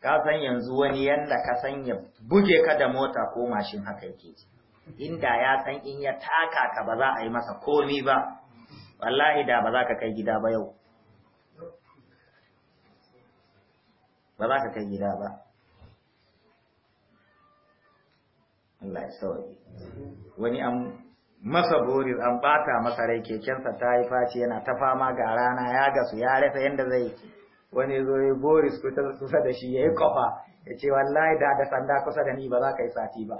ka san yanzu wani yanda ka san ya buge ka da mota ko mashin haka yake ji inda ya san in ya taka ka ba za a yi masa komi ba wallahi da ba za ka kai gida ba yau ba za ka kai gida ba Allah ya wani an masa bori an bata masa rai kekensa ta yi faci yana ta fama ga rana ya gasu ya rasa yadda zai yi. wani zo ya boris ko ta kusa da shi ya yi kofa ya ce wallahi da da sanda kusa da ni ba za ka yi sati ba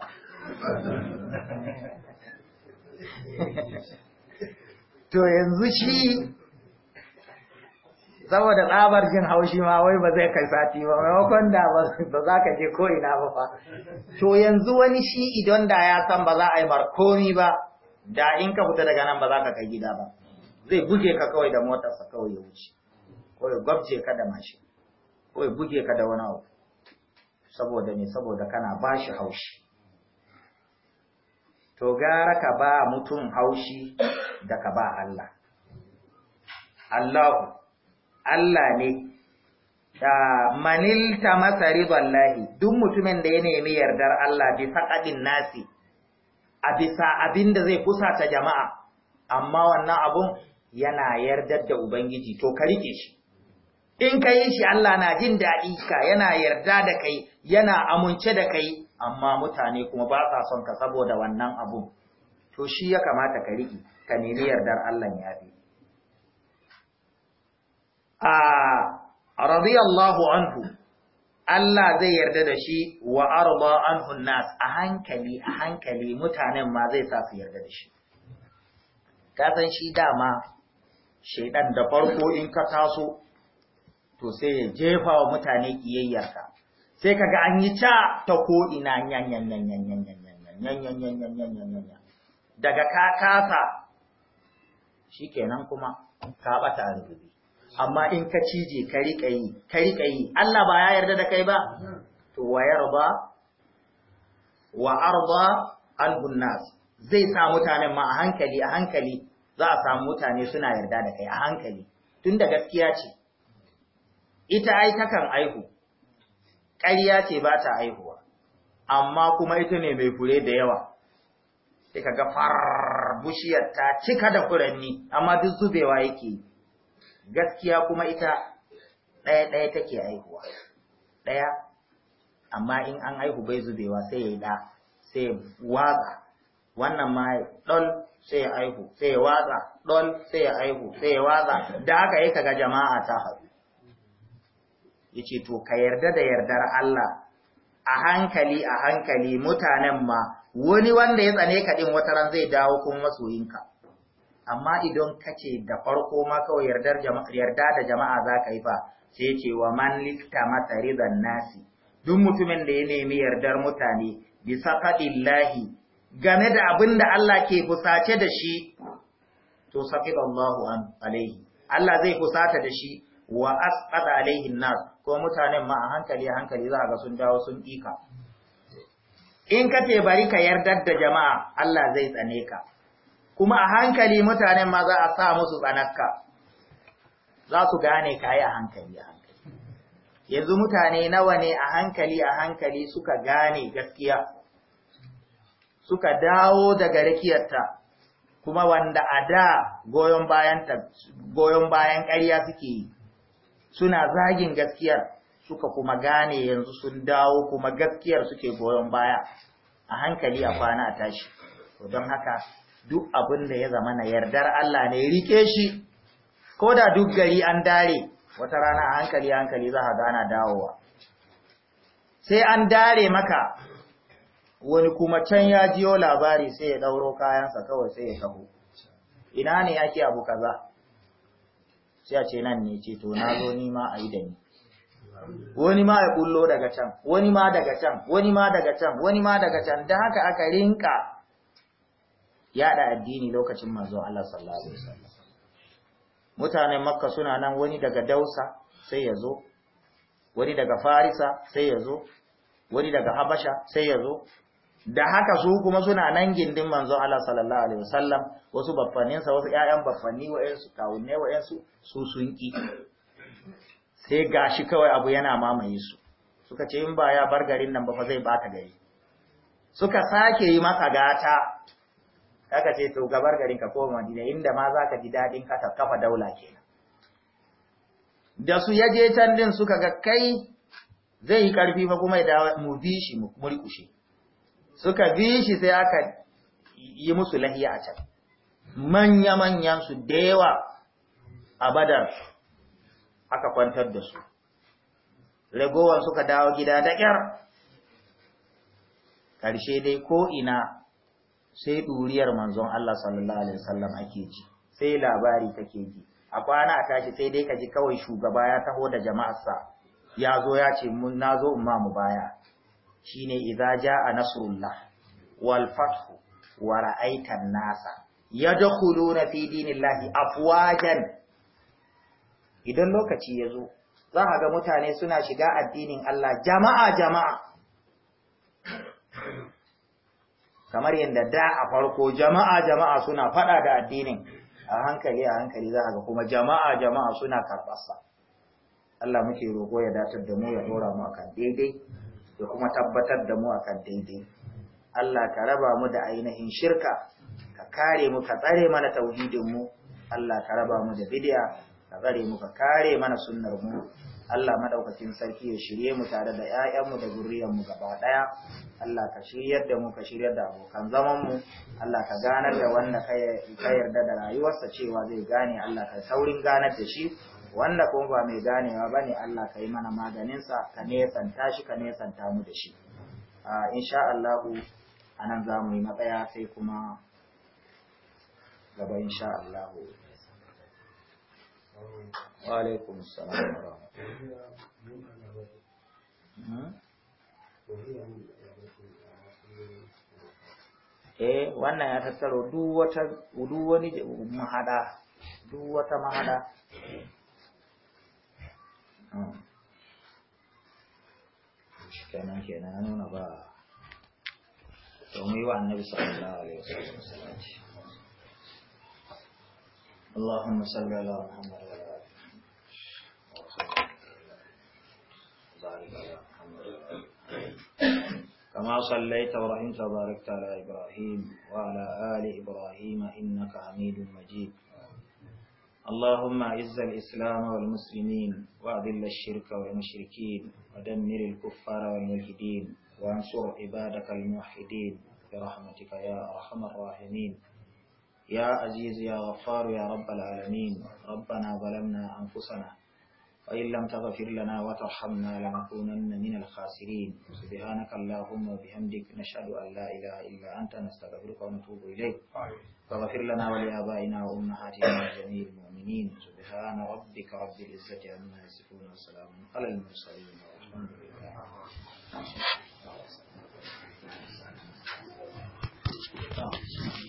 to yanzu shi saboda tsabar jin haushi ma wai ba zai kai sati ba maimakon da ba za ka je ko'ina ba fa to yanzu wani shi idan da ya san ba za a yi markomi ba da in ka fita daga nan ba za ka kai gida ba zai buge ka kawai da motarsa kawai ya wuce ko ya gwabje ka da mashin ko ya buge ka da wani abu saboda ne saboda kana ba shi haushi to gara ka ba mutum haushi da ka ba Allah Allahu Allah ne da manilta masa wallahi. duk mutumin da ya nemi yardar Allah bisa faqadin nasi a bisa abin da zai kusata jama'a amma wannan abun yana yardar da Ubangiji to ka rike shi in ka yi shi Allah na jin daɗi ka yana yarda da kai yana amince da kai amma mutane kuma ba sa son ka saboda wannan abun to shi ya kamata ka riƙi ka nemi yardar Allah ya fi a radiyallahu anhu Allah zai yarda da shi wa arda anhu nas a hankali a hankali mutanen ma zai sa su yarda da shi ka san shi dama shaidan da farko in ka taso to sai ya jefa wa mutane kiyayyarka sai kaga an yi ta ta ko ina yanyan yanyan yanyan yanyan yanyan yanyan daga ka kasa kenan kuma ka bata rububi amma in ka cije ka rika yi ka rika yi Allah ba ya yarda da kai ba to wa yarda wa arda nas zai sa mutanen ma a hankali a hankali za a samu mutane suna yarda da kai a hankali tunda gaskiya ce ita ai takan aihu ƙarya ce ba ta aihuwa amma kuma ita ne mai fure da yawa sai kaga ga bushiyar ta cika da furanni amma duk zubewa yake gaskiya kuma ita ɗaya ɗaya take aihuwa ɗaya amma in an aihu bai zubewa sai ya yi ɗa sai ya watsa wannan ma ɗon sai ya aihu sai ya watsa ɗon sai ya aihu sai ya watsa da haka yi kaga jama'a ta haɗu yace to ka yarda da yardar Allah a hankali a hankali mutanen ma wani wanda ya tsane ka din wata ran zai dawo kuma masoyinka amma idan kace da farko ma kawai yardar jama'a yarda da jama'a za ka yi fa sai ce wa man lifta nasi duk mutumin da ya nemi yardar mutane bi saqadillahi game da abin da Allah ke fusace da shi to saqidallahu an alaihi Allah zai fusata da shi wa asqada alaihi nas ko mutanen ma a hankali hankali za a ga sun dawo sun ƙika in ka ce bari ka yarda da jama'a Allah zai tsane ka kuma a hankali mutanen ma za a sa musu tsanakka za su gane ka yi a hankali a hankali yanzu mutane nawa ne a hankali a hankali suka gane gaskiya suka dawo daga rikiyarta kuma wanda a da goyon bayan karya suke yi suna zagin gaskiyar suka kuma gane yanzu sun dawo kuma gaskiyar suke goyon baya a hankali a kwana a tashi don haka duk abin da ya zama na yardar Allah ne rike shi ko da duk gari an dare wata rana a hankali hankali za a gana dawowa sai an dare maka wani kuma can ya jiyo labari sai ya ɗauro kayansa kawai sai ya taho ina ne yake abu kaza sai a ce nan ne ce to na zo ni ma a yi da ni wani ma ya kullo daga can wani ma daga can wani ma daga can wani ma daga can da haka aka rinka yada addini lokacin manzon Allah sallallahu alaihi wasallam mutanen makka suna nan wani daga dausa sai ya zo wani daga farisa sai ya zo wani daga habasha sai ya zo da haka su kuma suna nan gindin manzo Allah sallallahu alaihi wasallam wasu baffaninsa wasu ƴaƴan baffanni wa'ansu kawunne wa'ansu su sun ki sai gashi kawai abu yana mamaye su suka ce in ba ya bar garin nan ba fa zai bata gari suka sake yi maka gata aka ce to bar garin ka koma Madina inda ma ka ji dadin ka kafa daula kenan da su yaje can din suka ga kai zai yi karfi fa kuma ya dawo mu bi shi mu murkushe suka bi shi sai aka yi musu lahiya a can manya-manyan su da yawa a badar aka kwantar da su ragowar suka dawo gida da ƙyar ƙarshe dai ko'ina ina sai ɗuriyar manzon Allah sallallahu Alaihi wasallam ake ji sai labari take ji a kwana a tashi sai dai ka ji kawai shugaba ya taho da jama'arsa ya zo ya ce mun na zo in ma mu baya shine idza jaa nasrullah wal fathu wa ra'aitan nasa na fi dinillahi afwajan idan lokaci yazo za a ga mutane suna shiga addinin Allah jama'a jama'a kamar yadda da a farko jama'a jama'a suna fada da addinin a hankali a hankali za ga kuma jama'a jama'a suna karɓarsa Allah muke roƙo ya datar da mu ya dora mu akan daidai ya kuma tabbatar da mu akan daidai Allah ka raba mu da ainihin shirka ka kare mu ka tsare mana tauhidin mu Allah ka raba mu da bid'a ka tsare mu ka kare mana sunnar mu Allah madaukakin sarki ya shirye mu tare da ƴaƴanmu da zuriyarmu gaba ɗaya Allah ka shiryar da mu ka shiryar da abokan zaman mu Allah ka ganar da wanda ka yarda da rayuwarsa cewa zai gane Allah ka saurin ganar da shi wanda kuma ba mai ganewa ba ne Allah ka yi mana maganinsa ka nesanta shi ka nesanta mu da shi insha Allah a nan za mu yi matsaya sai kuma gaba insha Allah wa alaikum salam wa eh wannan ya tattaro duk wata duk wani mahada duk wata mahada kenan kenan nuna ba domin yi wa annabi sallallahu alaihi اللهم صل على محمد وعلى آل بارك على محمد كما صليت ورحمت وباركت على إبراهيم وعلى آل إبراهيم إنك حميد مجيد اللهم اعز الإسلام والمسلمين وأذل الشرك والمشركين ودمر الكفار والملحدين وانصر عبادك الموحدين برحمتك يا أرحم الراحمين يا عزيز يا غفار يا رب العالمين ربنا ظلمنا أنفسنا وإن لم تغفر لنا وترحمنا لنكونن من الخاسرين سبحانك اللهم وبحمدك نشهد أن لا إله إلا أنت نستغفرك ونتوب إليك فاغفر لنا ولآبائنا وأمهاتنا وجميع المؤمنين سبحان ربك رب العزة عما يصفون وسلام على المرسلين والحمد لله Thank you.